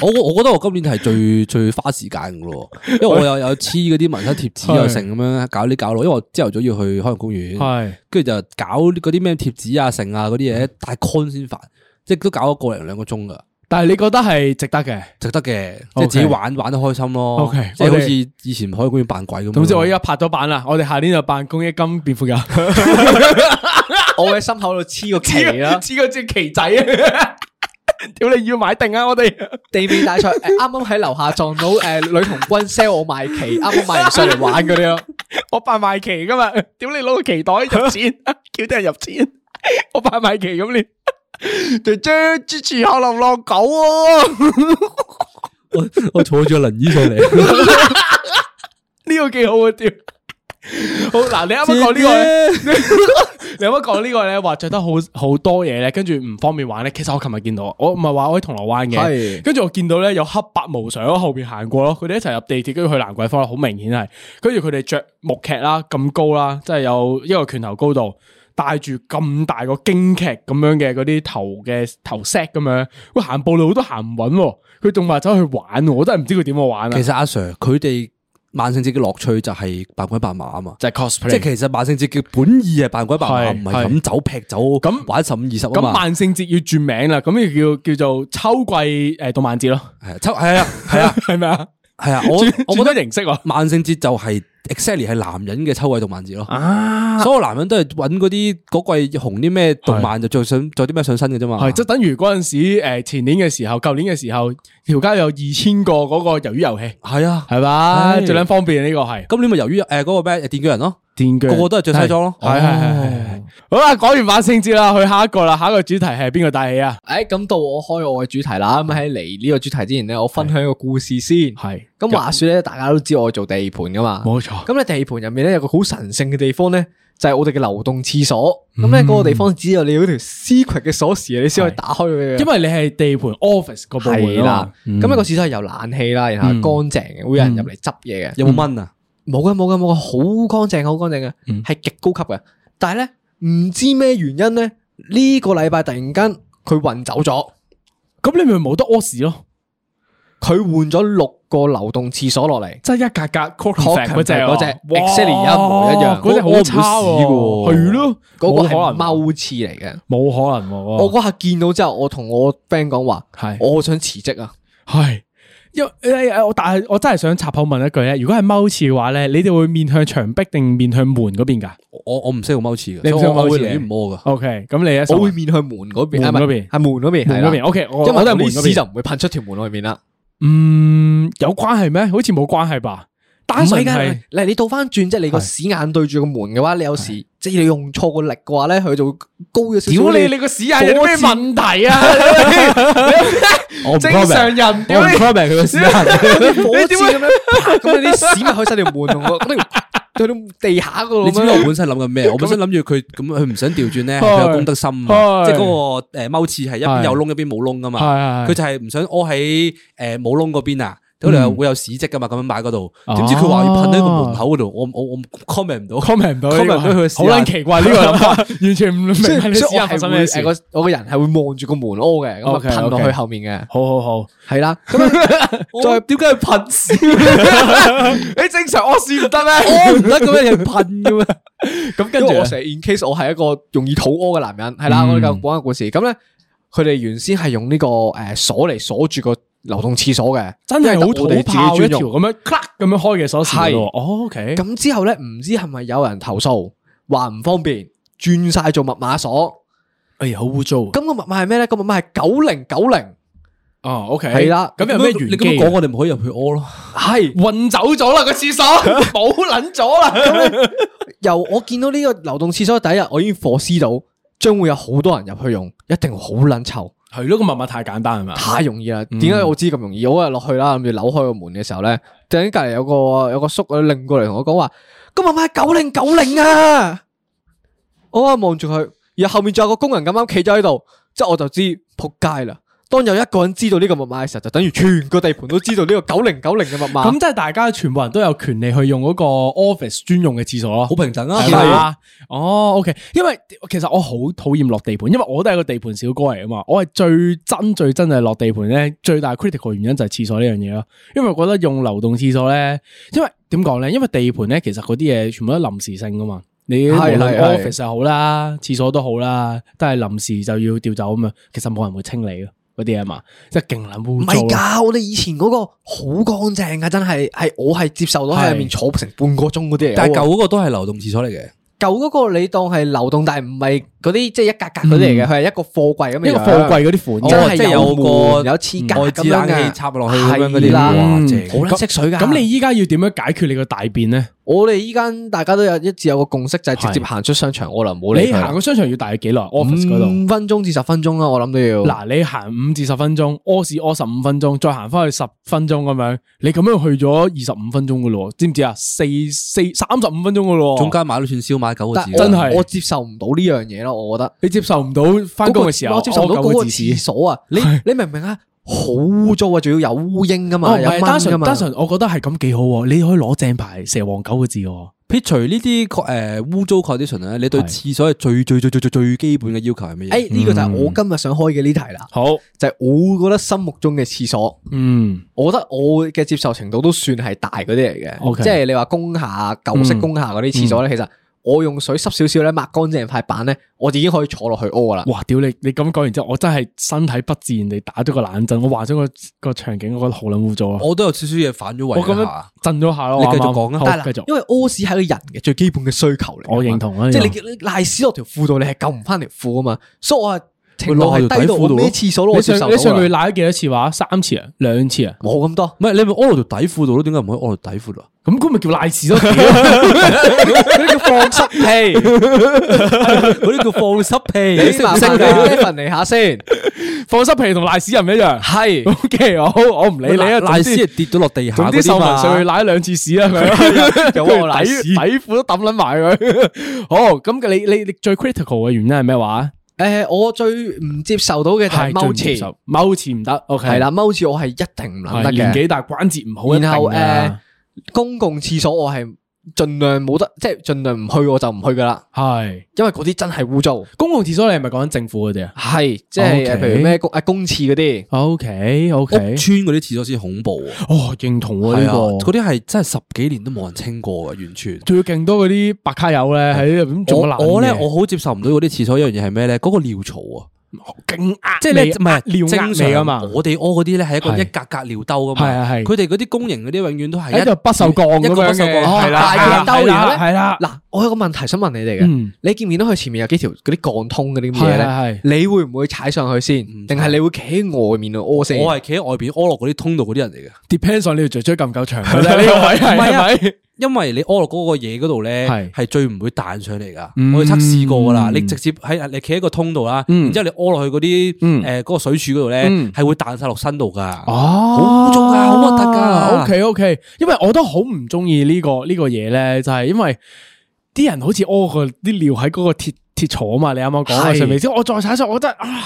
我。我我覺得我今年係最 最花時間噶咯，因為我又有黐嗰啲紋身貼紙又成咁樣搞呢搞落，因為我朝頭早要去海洋公園，係，跟住就搞嗰啲咩貼紙啊、成啊嗰啲嘢，大 con 先煩，即係都搞咗個零兩個鐘噶。但係你覺得係值得嘅，值得嘅，即係自己玩 Okay. 玩得開心咯。Okay. 即係好似以前海洋公園扮鬼咁。總之我而家拍咗版啦，我哋下年就扮公益金變富人。 我喺心口度黐個旗啦，黐個支旗仔啊！屌， 你要買定啊！我哋 地面大賽，啱啱喺樓下撞到誒女、呃呃呃、童軍 sell 我賣旗，啱啱賣完上嚟玩嗰啲咯。 我扮賣旗噶嘛？屌你攞個旗袋入錢，叫啲人入錢， 我扮賣旗咁你。 姐姐支持下流浪狗啊！ 我我坐咗輪椅上嚟， 呢、這個幾姐、 這個、好啊！屌，好嗱，你啱啱講呢個咧，你啱啱講呢個咧，話着得好好多嘢咧，跟住唔方便玩咧。其實我琴日見到，我唔係話我喺銅鑼灣嘅，係跟住我見到咧有黑白無常喺後邊行過咯，佢哋一齊入地鐵，跟住去蘭桂坊咯，好明顯係。跟住佢哋着木屐啦，咁高啦，即係有一個拳頭高度。帶住咁大個京劇咁樣嘅嗰啲頭嘅頭 set 咁樣，喂、哎、佢行步路都行唔穩，佢仲話走去玩，我真係唔知佢點好玩啊！其實阿、啊、Sir 佢哋萬聖節嘅樂趣就係扮鬼扮馬啊嘛，就 cosplay，即係其實萬聖節叫本意係扮鬼扮馬，唔係飲酒劈酒。咁玩十五二十啊咁萬聖節要轉名啦，咁要叫叫做秋季誒動漫節咯，係秋係 啊係啊係咪啊係啊我我冇得認識萬聖節就係、是。Exactly 係男人嘅秋季動漫字咯。啊、所有男人都係揾嗰啲嗰季紅啲咩動漫就着是上着啲咩上身嘅啫嘛，係即等於嗰陣時誒前年嘅時候、舊、呃、年嘅時候，條街有二千個嗰個魷魚遊戲，係啊係吧，是最撚方便呢個係，今年咪魷魚誒嗰、呃嗰個咩誒電鋸人咯？個個都係着西裝咯，係係係係。好啦，講完萬聖節啦，去下一個啦，下一個主題係邊個帶起啊？誒，咁到我開我嘅主題啦。咁喺嚟呢個主題之前咧，我分享一個故事先。係咁話說咧，大家都知我做地盤噶嘛？冇錯。咁咧地盤入面咧有個好神聖嘅地方咧，就係我哋嘅流動廁所。咁咧嗰個地方只有你嗰條 secret 嘅鎖匙，你先可以打開佢。因為你係地盤 office 個部門啦。咁呢個廁所係有冷氣啦，然後乾淨嘅，會有人入嚟執嘢嘅，有冇蚊啊？冇噶冇噶冇噶，好乾淨好乾淨嘅，係極、嗯、高級嘅。但係咧，唔知咩原因咧，呢、這個禮拜突然間佢運走咗，咁、嗯、你咪冇得屙屎咯。佢換咗六個流動廁所落嚟，即係一格格。確認嗰隻 exactly 一模一樣。嗰隻好屎嘅，係咯。嗰個係踎廁嚟嘅，冇的可能。我嗰下見到之後，我同我 friend 講話，係我好想辭職啊，係的。的因誒誒，我但係我真係想插口問一句咧，如果係踎廁嘅話咧，你哋會面向牆壁定面向門嗰邊噶？我我唔識用踎廁嘅，你所以我會唔踎噶。O K，咁你咧，我會面向門嗰邊，係門嗰邊，係、啊、門嗰邊。O K，我因為我喺屎就唔會噴出條門外面啦。嗯，有關係咩？好似冇關係吧？唔係噶，嗱，你倒翻轉即係你個屎眼對住個門嘅話，你有事。即你用錯個力嘅話咧，佢就會高咗少少。屌你，你個屎係有咩問題啊？正常人，我唔 comment 佢個屎。你點會咁樣？咁你啲屎咪開晒條門同我，開到地下嗰度。你知我本身諗緊咩？我本身諗住佢咁，佢唔想調轉咧，佢有公德心啊，即係嗰個誒踎廁係一邊有窿一邊冇窿噶嘛。佢就係唔想屙喺誒冇窿嗰邊啊。我哋有會有屎跡噶嘛？咁樣買喺嗰度，點知佢話要噴喺個門口嗰度？我我我 comment 唔到，comment 唔到，comment 唔到佢。好撚奇怪呢個諗法，完全唔明。係你指下發生咩事？我我個人係會望住個門窩嘅，咁啊噴落去後面嘅。好好好，係啦。咁啊，點解要噴屎？你正常屙屎唔得咩？屙唔得咁樣要噴嘅。咁跟住，我成日 in case 我係一個容易肚屙嘅男人，係啦。我哋又講下故事。咁咧，佢哋原先係用呢個誒鎖嚟鎖住個。流動廁所嘅，真係好土炮一條咁樣，咁樣開嘅鎖匙哦 OK，咁之後咧，唔知係咪有人投訴話唔方便，轉晒做密碼鎖。哎呀，好污糟。咁個密碼係咩咧？個密碼係九零九零。哦，OK，係啦。咁有咩玄機？你咁講，我哋唔可以入去屙咯。係，運走咗啦個廁所，冇捻咗啦。由我見到呢個流動廁所第一日，我已經 foresee 到，將會有好多人入去用，一定好捻臭。係咯，個密碼太簡單係嘛？太容易啦，點解、嗯、我知咁容易？我一落去啦，諗住扭開個門嘅時候咧，突然間喺隔籬有個有個叔啊擰過嚟同我講話：，個密碼九零九零啊！我啊望住佢，然後後面仲有個工人咁樣企咗喺度，即係我就知扑街啦。當有一個人知道呢個密碼嘅時候，就等於全個地盤都知道呢個九零九零嘅密碼。咁 即係大家全部人都有權利去用嗰個 office 專用嘅廁所咯，好平等啊，係嘛？哦，OK，因為其實我好討厭落地盤，因為我都係個地盤小哥嚟啊嘛。我係最真最真係落地盤咧，最大 critical 原因就係廁所呢樣嘢咯。因為我覺得用流動廁所咧，因為點講咧？因為地盤咧，其實嗰啲嘢全部都臨時性噶嘛。你 office 好啦，廁所都好啦，都係臨時就要掉走咁啊。其實冇人會清理嘅。嗰啲啊嘛，即係勁難污糟。唔係噶，我哋以前嗰個好乾淨嘅，真係係我係接受到喺入面坐成半個鐘嗰啲。但係舊嗰個都係流動廁所嚟嘅。舊嗰個你當係流動，但係唔係嗰啲即係一格格嗰啲嚟嘅，佢係、嗯、一個貨櫃咁樣。一個貨櫃嗰啲款，即係有個有支架咁樣嘅冷氣插落去咁樣嗰啲啦。好濕水噶。咁你依家要點樣解決你個大便咧？我哋依家大家都有一致有個共識，就係、是、直接行出商場，是我哋冇你行個商場要大約幾耐？office 度？五分鐘至十分鐘啦、啊，我諗都要。嗱，你行五至十分鐘，屙屎屙十五分鐘，再行翻去十分鐘咁樣，你咁樣去咗二十五分鐘噶咯，知唔知啊？四四三十五分鐘噶咯，中間買都算燒買九個字，真係我接受唔到呢樣嘢咯，我覺得你接受唔到翻工嘅時候？我接受唔到嗰個廁所啊，你你明唔明啊？ 好污糟啊，仲要有烏蠅噶嘛，唔係、哦、單純單純，我覺得係咁幾好。你可以攞正牌蛇王九個字、啊。撇除呢啲誒污糟 condition 咧是，你對廁所係最最最最最最基本嘅要求係咩嘢？誒、哎，呢、這個就係我今日想開嘅呢題啦。好、嗯，就係我覺得心目中嘅廁所。嗯，我覺得我嘅接受程度都算係大嗰啲嚟嘅。OK，即係你話工廈舊式工廈嗰啲廁所咧，嗯、其實。我用水濕少少咧，抹乾淨塊板咧，我就已經可以坐落去屙啦。哇！屌你！你咁講完之後，我真係身體不自然地打咗個冷震。我話咗個個場景，我覺得好捻污糟啊！我都有少少嘢，反咗胃啊，我咁樣震咗下咯。你繼續講啊，繼續。因為屙屎係一個人嘅最基本嘅需求嚟。我認同啊，即係你賴屎落條褲度，你係救唔翻條褲啊嘛，所以我。佢攞喺條底褲度廁，咩廁所攞？你上你上佢瀨咗幾多次話？啊？三次啊，兩次啊，冇咁多。唔係你咪屙落條底褲度咯？點解唔可以屙落底褲度？咁佢咪叫瀨屎咯？佢啲叫放濕屁，佢啲 叫放濕屁。你先唔識噶 Steven 嚟下先，放濕屁同瀨屎唔一樣。係 ，OK，好，我唔理你啦。瀨屎係跌咗落地下，佢啲臭泥上去瀨兩次屎啦，係咪？佢底底褲都抌撚埋佢。好，咁你你你最 critical 嘅原因係咩話？誒、呃，我最唔接受到嘅係踎廁，踎廁唔得。係啦，踎廁、okay、我係一定唔得嘅，年紀大，但係關節唔好。然後誒、呃，公共廁所我係。盡量冇得，即係盡量唔去，我就唔去噶啦。係，因為嗰啲真係污糟。公共廁所你係咪講緊政府嗰啲啊？係，即係，Okay，譬如咩公啊公廁嗰啲。O K O K。屋村嗰啲廁所先恐怖哦，認同啊，呢個，嗰啲係真係十幾年都冇人清過噶，完全仲要勁多嗰啲白卡友咧喺入面做乜我咧我，我好接受唔到嗰啲廁所一樣嘢係咩咧？嗰個尿槽啊！勁壓，即係你唔係尿精味啊嘛！我哋屙嗰啲咧係一個一格格尿兜噶嘛，佢哋嗰啲公營嗰啲永遠都係一度不銹鋼咁樣嘅，大嘅兜住咧。係啦，嗱，我有個問題想問你哋嘅，你見唔見到佢前面有幾條嗰啲鋼通嗰啲咩咧？你會唔會踩上去先？定係你會企喺外面度屙先？我係企喺外邊屙落嗰啲通道嗰啲人嚟嘅，depends on 你條雀雀咁唔夠長呢個位係咪？因為你屙落嗰個嘢嗰度咧，係最唔會彈上嚟噶。我哋測試過噶啦，嗯、你直接喺你企喺個通道啦，嗯、然之後你屙落去嗰啲誒嗰個水柱嗰度咧，係、嗯、會彈晒落身度噶。哦、啊，好污糟啊，好核突噶。OK OK，因為我都好唔中意呢個呢、這個嘢咧，就係、是、因為啲人好似屙個啲尿喺嗰個鐵鐵坐啊嘛，你啱啱講啊上面先，我再踩一踩，我覺得啊。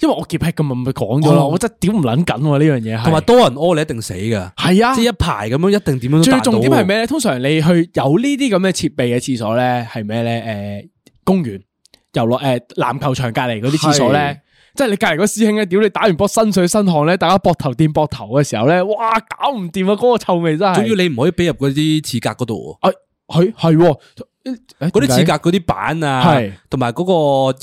因為我潔癖，咁咪咪講咗咯，我真屌唔捻緊喎呢樣嘢係。同埋多人屙你一定死噶，係啊，即一排咁樣一定點樣都達到。最重點係咩咧？通常你去有呢啲咁嘅設備嘅廁所咧，係咩咧？誒，公園、遊樂、誒、呃、籃球場隔籬嗰啲廁所咧，是即係你隔籬嗰師兄咧，屌你打完波身水身汗咧，大家膊頭掂膊頭嘅時候咧，哇搞唔掂啊！嗰、那個臭味真係。仲要你唔可以俾入嗰啲廁格嗰度，誒、啊，係係。嗰啲廁格嗰啲板啊，同埋嗰個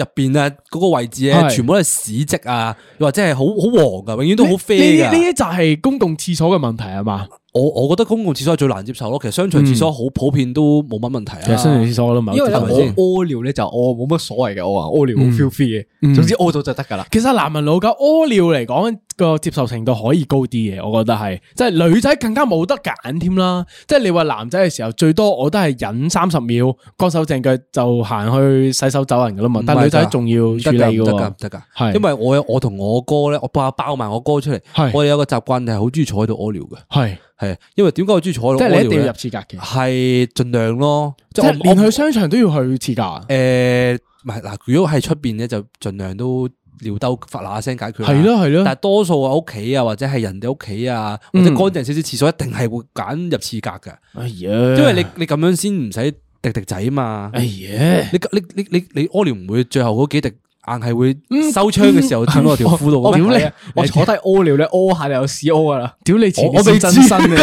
入邊啊，嗰個位置咧，全部都係屎迹啊，是或者係好好黃㗎，永遠都好啡啊！呢呢一集係公共廁所嘅問題係嘛？我我覺得公共廁所最難接受咯，其實商場廁所好普遍都冇乜問題啦。其實商場廁所我都唔係，因為我屙尿咧就我冇乜所謂嘅，我話屙尿，我 feel free 嘅，總之屙到就得噶啦。其實男人老狗屙尿嚟講個接受程度可以高啲嘅，我覺得係，即係女仔更加冇得揀添啦。即係你話男仔嘅時候最多我都係忍三十秒，乾手淨腳就行去洗手走人噶啦嘛。但女仔仲要處理嘅，得噶，因為我我同我哥咧，我話包埋我哥出嚟，我哋有個習慣係好中意坐喺度屙尿嘅，係。係，因為點解我中意坐落？即係你一定要入廁格嘅，係盡量咯。即係連去商場都要去廁格。誒，唔係嗱，如果喺出邊咧，就盡量都尿兜發嗱聲解決。係咯係咯。但係多數啊屋企啊或者係人哋屋企啊或者乾淨少少廁所，嗯、一定係會揀入廁格㗎。哎呀，因為你你咁樣先唔使滴滴仔嘛。哎呀，你你你你屙尿唔會最後嗰幾滴。硬係會收槍嘅時候穿落條褲度。屌你！我坐低屙尿咧，屙下就有屎屙㗎啦。屌你！我哋真身嘅。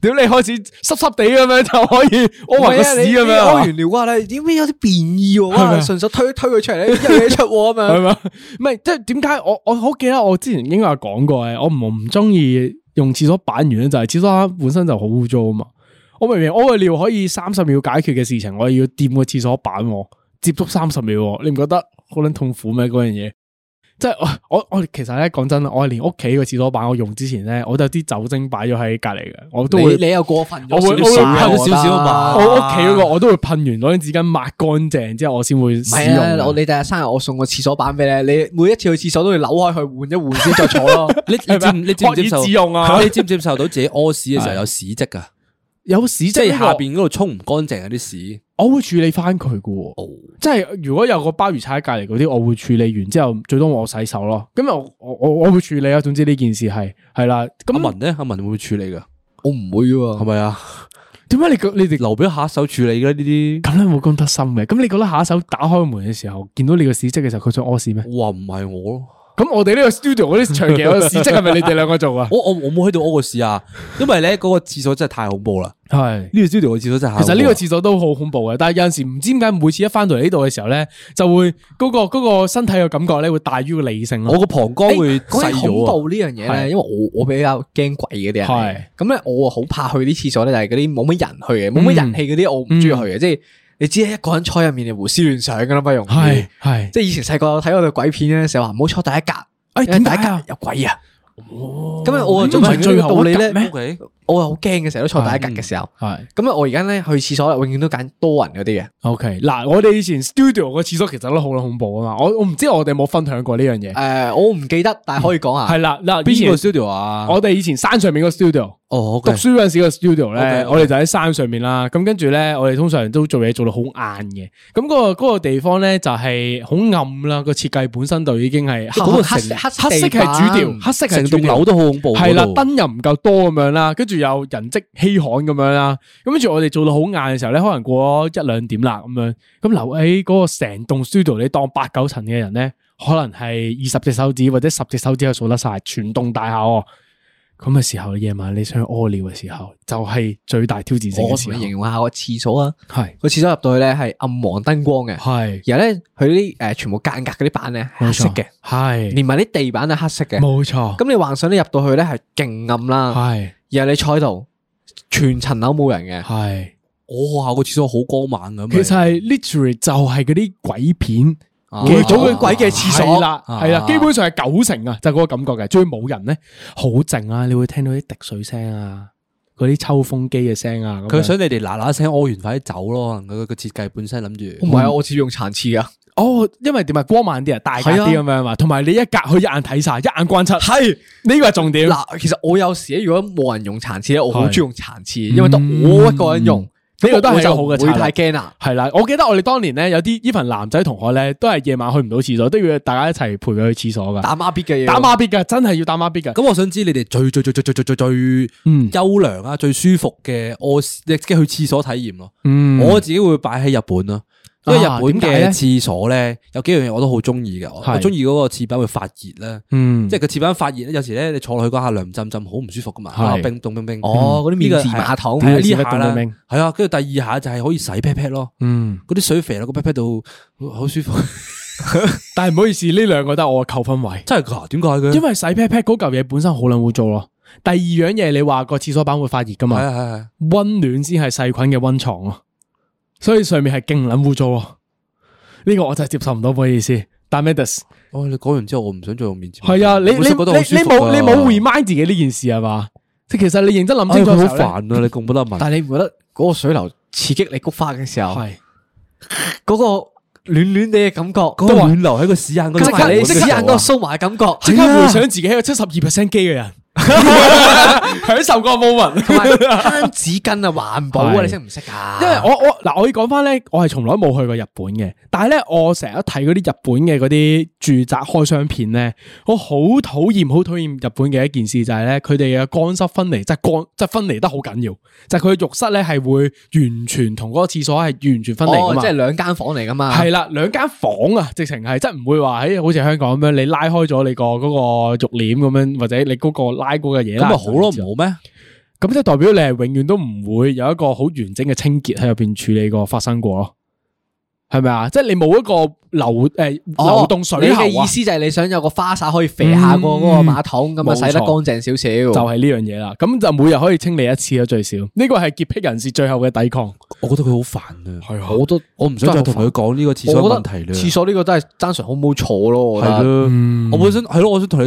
屌你開始濕濕地咁樣就可以屙埋個屎咁樣。屙完尿話咧，點解有啲便意？哇！順手推一推佢出嚟，一嘢出喎嘛？係嘛？唔係，即係點解？我我好記得我之前應該係講過嘅，我唔唔中意用廁所板完咧，就係廁所板本身就好污糟啊嘛。我明明屙尿可以三十秒解決嘅事情，我要掂個廁所板。接觸三十秒，你唔覺得好撚痛苦咩？嗰樣嘢，即係我我我其實咧講真，我係連屋企個廁所板我用之前咧，我就有啲酒精擺咗喺隔籬嘅。我都你你又過分咗，我會我會噴少少我屋企嗰個我都會噴完攞張紙巾抹乾淨之後，我先會使用。你第日生日我送個廁所板俾你，你每一次去廁所都要扭開佢換一換先再坐咯。你你接唔你接唔接受啊？你接唔接受到自己屙屎嘅時候有屎漬噶？有屎漬即係下邊嗰度沖唔乾淨嗰啲屎。我會處理翻佢噶，oh. 即係如果有個鮑魚踩喺隔籬嗰啲，我會處理完之後，最多我洗手咯。咁又我我我會處理啊。總之呢件事係係啦。咁阿文呢？阿文會唔會處理噶？我唔會喎，係咪啊？點解？啊、你你哋留俾下一手處理嘅呢啲？咁樣冇咁得心嘅。咁你覺得下一手打開門嘅時候，見到你個屎迹嘅時候，佢想屙屎咩？我話唔係我。咁我哋呢個 studio 嗰啲長期嗰個屎跡係咪你哋兩個做啊？我我我冇去到屙個屎啊，因為咧嗰、那個廁所真係太恐怖啦。係呢是個 studio 嘅廁所真係。其實呢個廁所都好恐怖嘅，但係有陣時唔知點解每次一翻到嚟呢度嘅時候咧，就會嗰、那個、那個身體嘅感覺咧會大於理性。我個膀胱會細咗。欸、恐怖呢樣嘢咧，因為我我比較驚鬼嘅啲人。係是。咁咧我好怕去啲廁所咧，就係嗰啲冇乜人去嘅，冇乜、嗯、人氣嗰啲，我唔中意去嘅，即、嗯、係。你只係一個人坐入面就胡思亂想噶啦，不容易。係係，即係以前細個睇我哋鬼片咧，成日話唔好坐第一格。哎、欸，點解第一格有鬼啊？咁啊、哦，我仲係最後，到你呢最後格咩？我係好驚嘅，成日都坐第一格嘅時候。係咁啊！我而家咧去廁所永遠都揀多人嗰啲嘅。OK，嗱，我哋以前 studio 個廁所其實都好恐怖啊嘛！我我唔知我哋有冇分享過呢樣嘢。誒、呃，我唔記得，但係可以講下。係、嗯、啦，嗱，邊個 studio 啊？我哋以前山上面個 studio。哦。Okay, 讀書嗰陣時個 studio 咧，我哋就喺山上面啦。咁跟住咧，我哋通常都做嘢做到好晏嘅。咁、那、嗰個、那個地方咧就係、是、好暗啦。個設計本身就已經係黑。黑黑色係主調，黑色係主調。成棟樓都好恐怖。係啦，燈又唔夠多咁樣啦，跟住。又人跡稀罕咁樣啦，咁跟住我哋做到好晏嘅時候咧，可能過咗一兩點啦咁樣，咁留喺嗰個成棟 studio 你當八九層嘅人咧，可能係二十隻手指或者十隻手指都數得晒全棟大廈哦。咁嘅時候夜晚你想屙尿嘅時候，就係最大挑戰性嘅時候。我形容下個廁所啊，係個廁所入到去咧係暗黃燈光嘅，係。然後咧佢啲誒全部間隔嗰啲板咧黑色嘅，係連埋啲地板都黑色嘅，冇錯。咁你幻想你入到去咧係勁暗啦，係。又你坐喺度，全層樓冇人嘅，係是、哦、我學校個廁所好光猛咁。其實係 literally 就係嗰啲鬼片，會做緊鬼嘅廁所啦，係啦，基本上係九成啊，就嗰個感覺嘅。最冇、啊、人咧，好靜啊，你會聽到啲滴水聲啊，嗰啲抽風機嘅聲啊。佢想你哋嗱嗱聲屙完快啲走咯，佢佢設計本身諗住。唔係啊，我直接用殘廁啊。哦，因為點啊，光猛啲啊，大啲咁樣嘛，同埋你一格佢一眼睇晒，一眼關七，係呢個係重點。嗱，其實我有時如果冇人用殘廁，我好中意用殘廁，因為得我一個人用，呢個都係比較好嘅。唔會太驚啊。係啦，我記得我哋當年咧，有啲呢份男仔同學咧，都係夜晚去唔到廁所，都要大家一齊陪佢去廁所噶。打孖咇嘅嘢，打孖咇噶，真係要打孖咇噶。咁我想知你哋最最最最最最最優良啊，最舒服嘅屙，即係去廁所體驗咯。我自己會擺喺日本啦。因為日本嘅廁所咧，有幾樣嘢我都好中意嘅，我中意嗰個廁板會發熱咧，即係個廁板發熱咧，有時咧你坐落去嗰下涼浸浸，好唔舒服噶嘛，冰凍冰冰。哦，嗰啲面池馬桶呢下係啊，跟住第二下就係可以洗 pat pat 咯，嗰啲水肥咯，個 pat pat 度好舒服。但係唔好意思，呢兩個都係我嘅扣分位。真係噶？點解嘅？因為洗 pat pat 嗰嚿嘢本身好捻污糟咯。第二樣嘢，你話個廁所板會發熱噶嘛？係啊，係啊，溫暖先係細菌嘅溫床咯。所以上面係勁撚污糟，呢、這個我真係接受唔到，唔好意思。但係咩事？哦，你講完之後，我唔想再用面紙。係啊，你你你冇你冇 remind 自己呢件事係嘛？即係其實你認真諗清楚。我好煩啊！你共咁得問。但係你唔覺得嗰個水流刺激你菊花嘅時候，係嗰是 個暖暖哋嘅感覺，嗰說個暖流喺個屎眼，即住你屎眼個騷滑嘅感覺，即的刻回想自己係個七十二 percent 機嘅人。 享受過 moment，慳紙巾啊，環保啊，對 你識唔識啊？因為我我嗱，我要講翻咧，我係從來冇去過日本嘅，但係咧，我成日都睇嗰啲日本嘅嗰啲住宅開箱片咧，我好討厭好討厭日本嘅一件事就係、係、咧，佢哋嘅乾濕分離即係乾即係分離得好緊要，就係佢嘅浴室咧係會完全同嗰個廁所係完全分離噶、哦、嘛，即係兩間房嚟噶嘛，係啦，兩間房啊，直情係即係唔會話喺、欸、好似香港咁樣，你拉開咗你個嗰個浴簾咁樣，或者你嗰、嗰個。過嘅嘢咁咪好咯，唔好咩？咁就代表你係永遠都唔會有一個好完整嘅清潔喺入邊處理過發生過咯，係咪啊？即係你冇一個流誒、呃哦、流動水嘅意思就係你想有個花灑可以肥下個嗰個馬桶，咁啊洗得乾淨少少。就係、是、呢樣嘢啦。咁就每日可以清理一次咯，最少。呢個係潔癖人士最後嘅抵抗。我覺得佢好煩啊。係、嗯、我都我唔想再同佢講呢個廁所問題啦。廁所呢個真係單純好唔好坐咯，我本身係咯，我想同你。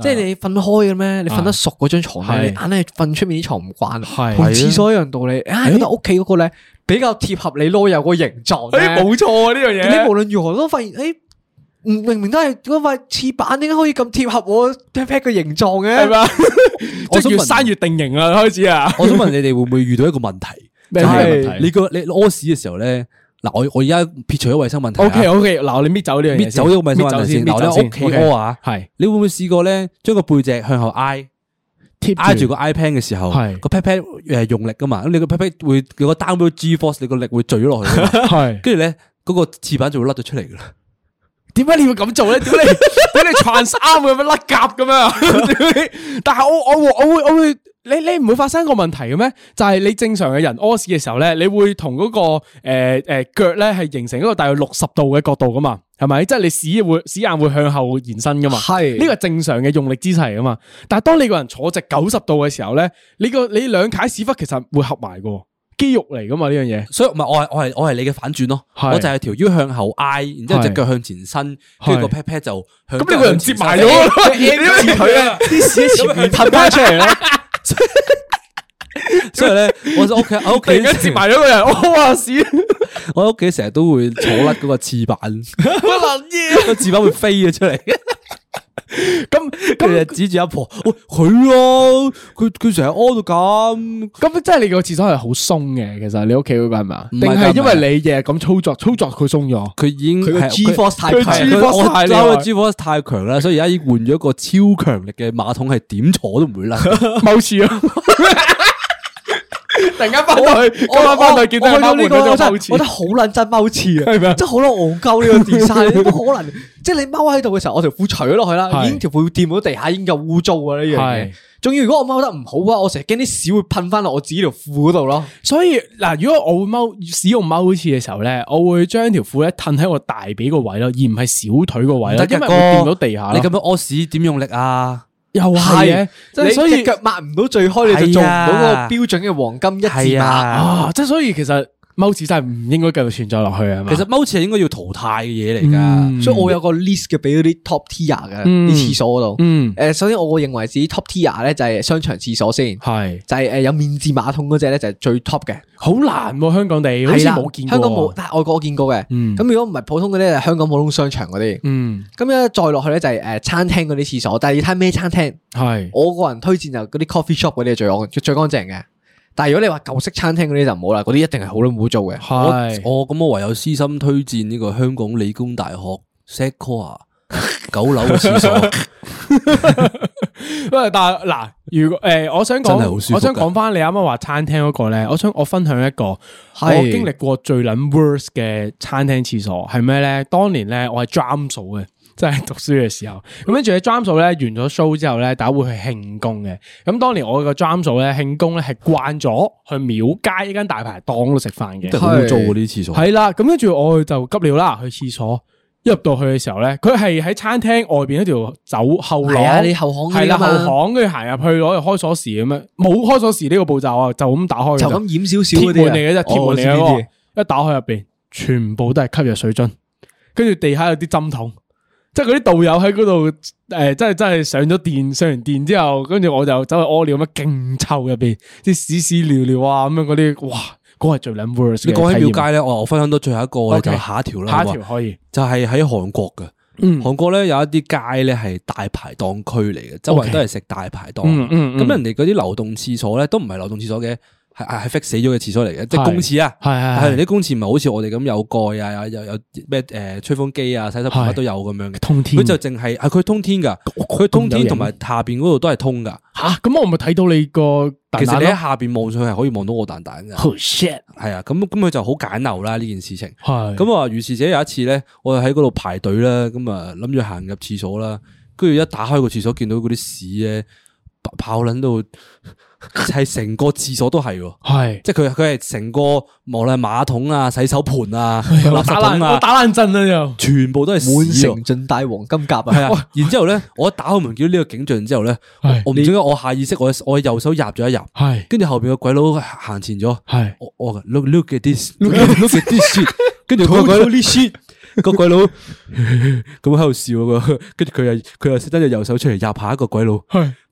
即係你瞓開嘅咩？你瞓得熟嗰張床咧，是的 你硬咧瞓出面啲床唔慣，同廁所一樣道理。啊、哎，覺得屋企嗰個咧比較貼合你囉柚個形狀。誒、哎，冇錯啊呢樣嘢。你無論如何都發現，誒、哎，唔明唔明都係嗰塊廁板點解可以咁貼合我 pat pat 嘅形狀嘅？係嘛是嗎， 越越 我想越生越定型啦，開始啊！我想問你哋會唔會遇到一個問題？咩問題？你個你屙屎嘅時候咧？嗱，我我而家撇除咗衛生問題。O K，O K，嗱，你搣走呢樣嘢搣走呢個衛生問題先。嗱，留喺屋企啊，係，你會唔會試過咧？將個背脊向後挨，貼挨住個 iPad 嘅時候，個 pat pat 誒用力噶嘛，咁你個 pat pat 會有個 downward G force，你個力會墜咗落去，跟住咧嗰個字板就會甩咗出嚟噶啦。 的 點解你會咁做咧？屌你，屌 你，穿衫嘅咩甩夾咁樣？ 但係我我我會我會，你你唔會發生個問題嘅咩？就係、是、你正常嘅人屙屎嘅時候咧，你會同嗰、那個誒誒腳咧係形成一個大約六十度嘅角度噶嘛？係咪？即、就、係、是、你屎會屎眼會向後延伸噶嘛？係呢個正常嘅用力姿勢嚟噶嘛？但係當你個人坐直九十度嘅時候咧，你、這個你兩塊屎忽其實會合埋噶。肌肉嚟，噶嘛，呢樣嘢，所以唔係我係我係我係你嘅反轉咯，我就係條腰向後挨，然之後隻腳向前伸，跟住個 pat pat 就咁你個人折埋咗啦，啲刺腿啊，啲屎全部噴翻出嚟啦。所以咧，我喺屋企，喺屋企而家折埋咗個人，我話屎，我喺屋企成日都會坐甩嗰個廁板，我諗嘢，個廁板會飛咗出嚟。佢指住阿婆，喂，佢咯、啊，佢佢成日屙到咁，咁樣真係你個廁所係好鬆嘅，其實你屋企嗰個係咪？定係，因為你日日咁操作，操作佢鬆咗，佢已經佢個 G force 太佢 G force 太拉，佢 G force 太強啦，所以而家已經換咗個超強力嘅馬桶，係點坐都唔會拉，冇錯。 突然間翻去，我我今晚翻去見到你踎喺度踎廁，我覺得好捻真踎廁啊！吧真好撚戇鳩呢個 design，都 可能即係你踎喺度嘅時候，我條褲除咗落去啦，是已經條褲掂到地下，已經夠污糟啊！呢樣嘢，仲要如果我踎得唔好啊，我成日驚啲屎會噴翻落我自己條褲嗰度咯。吧所以嗱，如果我會踎屎用踎廁嘅時候咧，我會將條褲咧褪喺我大髀個位咯，而唔係小腿個位咯，行因為我掂到地下。哥哥你咁樣屙屎點用力啊？又係嘅，即係是所以腳擘唔到最開，你、啊、就做唔到嗰個標準嘅黃金一字馬啊！即係、啊啊、所以其實。踎廁真係唔應該繼續存在落去啊，其實踎廁係應該要淘汰嘅嘢嚟噶，所以我有個 list 嘅俾嗰啲 top tier 嘅啲廁所嗰度。誒，嗯、首先我個認為自己 top tier 咧就係商場廁所先，係是 就係誒有面子馬桶嗰隻咧就係最 top 嘅。好難喎、啊，香港地好似冇見，香港冇但係外國我見過嘅。咁、嗯、如果唔係普通嗰啲就係、香港普通商場嗰啲。咁咧、嗯、再落去咧就係誒餐廳嗰啲廁所，但係你睇咩餐廳？係的我個人推薦就嗰啲 coffee shop 嗰啲係最安最乾淨嘅。但係如果你話舊式餐廳嗰啲就唔好啦，嗰啲一定係好捻耐冇做嘅。係是我咁我唯有私心推薦呢個香港理工大學 set core 九樓嘅廁所。喂，但係嗱，如果誒、呃，我想講，我想講翻你啱啱話餐廳嗰、那個咧，我想我分享一個是我經歷過最捻 worse 嘅餐廳廁所係咩咧？當年咧，我係 drums 做嘅。即係讀書嘅時候，咁跟住喺 Jam 數咧完咗 show 之後咧，大家會去慶功嘅。咁當年我個 Jam 數咧慶功咧係慣咗去廟街一間大排檔度食飯嘅，好污糟喎，嗰啲廁所係啦。咁跟住我就急尿啦，去廁所一入到去嘅時候咧，佢係喺餐廳外邊一條走後廊，係啦，你後巷啊，後巷，跟住行入去攞開鎖匙咁樣，冇開鎖匙呢個步驟啊，就咁打開，就咁染少少啲啊，一打開入邊全部都係吸藥水樽，跟住地下有啲針筒。即係嗰啲導遊喺嗰度，誒、呃，即係真係上咗電，上完電之後，跟住我就走去屙尿，咁樣勁臭入邊，啲屎屎尿尿啊，咁樣嗰啲，哇，嗰係最撚 worst。你講起廟街咧，我我分享到最後一個 okay, 就下一條啦。下一條可以，就係喺韓國嘅，韓、嗯、國咧有一啲街咧係大排檔區嚟嘅，嗯、周圍都係食大排檔 okay,、嗯。嗯咁人哋嗰啲流動廁所咧，都唔係流動廁所嘅。係係 fix 死咗嘅廁所嚟嘅，即係公廁啊！係係，啲公廁唔係好似我哋咁有蓋啊，又有咩誒、呃、吹風機啊、洗手盆乜、啊、是都有咁樣嘅。通天佢就淨係，係、啊、佢通天噶，佢、啊、通天同埋下邊嗰度都係通噶。吓咁、啊、我咪睇到你個蛋蛋？其實你喺下邊望上去係可以望到我蛋蛋嘅。係、oh, shit. 啊，咁咁佢就好簡陋啦呢件事情。係咁啊，如是者有一次咧，我就喺嗰度排隊啦，咁啊諗住行入廁所啦，跟住一打開個廁所，見到嗰啲屎咧，跑捻度。係成個廁所都係，係即係佢佢係成個，無論係馬桶啊、洗手盆啊、垃圾桶啊，打爛陣啦又，全部都係滿城盡帶黃金甲啊！係啊，然之後咧，我一打開門見到呢個景象之後咧，我唔知點解，我下意識我我右手入咗一入，係跟住後邊個鬼佬行前咗，係我 look look at this look at this shit 跟住佢個鬼佬個鬼佬咁喺度笑個，跟住佢又佢又伸隻右手出嚟入下一個鬼佬，係。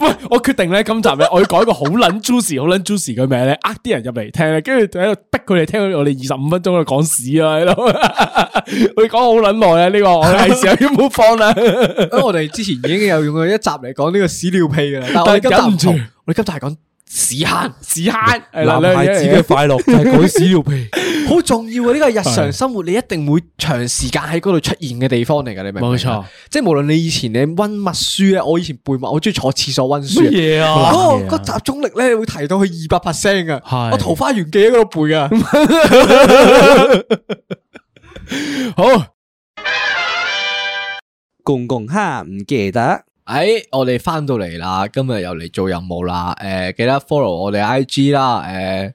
喂，我決定咧，今集咧我要改個好撚 Juicy，好撚 Juicy 嘅名咧，呃啲 人入嚟聽咧，跟住就喺度逼佢哋聽我哋二十五分鐘喺度講屎啦。喺度，佢哋講好撚耐啊，呢、這個係時候要唔要 放啦？咁我哋之前已經有用過一集嚟講呢個屎尿屁噶啦，但係我忍唔住，我哋今集係講 屎坑，屎坑尿，對男孩子嘅快樂係講屎尿屁。 好重要啊！呢個日常生活你一定會長時間喺嗰度出現嘅地方嚟噶，你明唔明？冇錯。沒錯 即係無論你以前你溫默書咧，我以前背默，我中意坐廁所溫書。咩嘢啊？嗰、那個集中力咧會提到去二百 percent 噶。是的 我桃花源記喺嗰度背噶。 好，公共、哎，哈，唔記得。誒，我哋翻到嚟啦，今日又嚟做任務啦。誒、呃，記得 follow 我哋 IG 啦、呃。誒。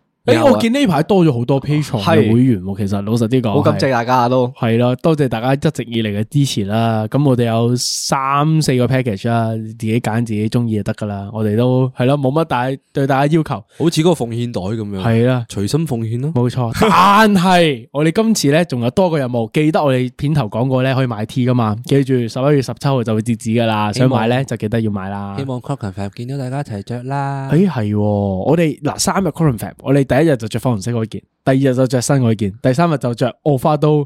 誒、哎，我見呢排多咗好多 Patreon 嘅會員喎，是其實老實啲講，好感謝大家都係啦，多謝大家一直以嚟嘅支持啦。咁我哋有三四個 package 啦，自己揀自己中意就得噶啦。我哋都係咯，冇乜大對大家要求，好似嗰個奉獻袋咁樣，係啦了，隨心奉獻咯，冇錯。但係我哋今次咧仲有多個任務， 記得我哋片頭講過咧可以買 T 噶嘛，記住十一月十七號就會截止噶啦，望想買咧就記得要買啦。希望 Cotton Fab 見到大家一齊着啦。誒、哎，係，我哋嗱三日 Cotton Fab，我哋。第一日就着粉紅色嗰件，第二日就着新嗰件，第三日就着奧花都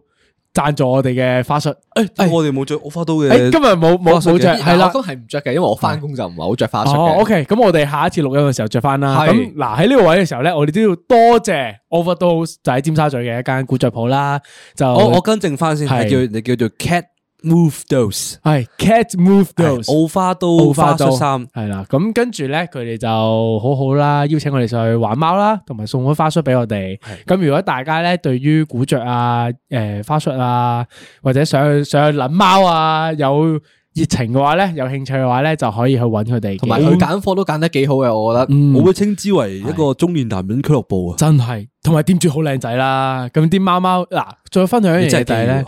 讚助我哋嘅花恤。誒、哎，哎、但我哋冇着奧花都嘅。誒、哎，今日冇冇冇着，係啦，今日係唔着嘅，因為我翻工就唔係好着花恤。哦，OK，咁我哋下一次錄音嘅時候着翻啦。咁嗱，喺呢個位嘅時候咧，我哋都要多謝奧花都，就喺尖沙咀嘅一間古着鋪啦。就我我更正翻先，叫你叫做 Cat。Move those 係、哎、cat move those，澳花都澳花恤衫係啦，咁跟住咧，佢哋就好好啦，邀請我哋上去玩貓啦，同埋送咗花恤俾我哋。咁的如果大家咧對於古着啊、誒、呃、花恤啊或者想，想去想去撚貓啊有熱情嘅話咧，有興趣嘅話咧，就可以去揾佢哋。同埋佢揀貨都揀得幾好嘅，我覺得，嗯、我會稱之為一個中年男人俱樂部啊！真係，同埋店主好靚仔啦。咁啲貓貓嗱，再分享一樣嘢咧。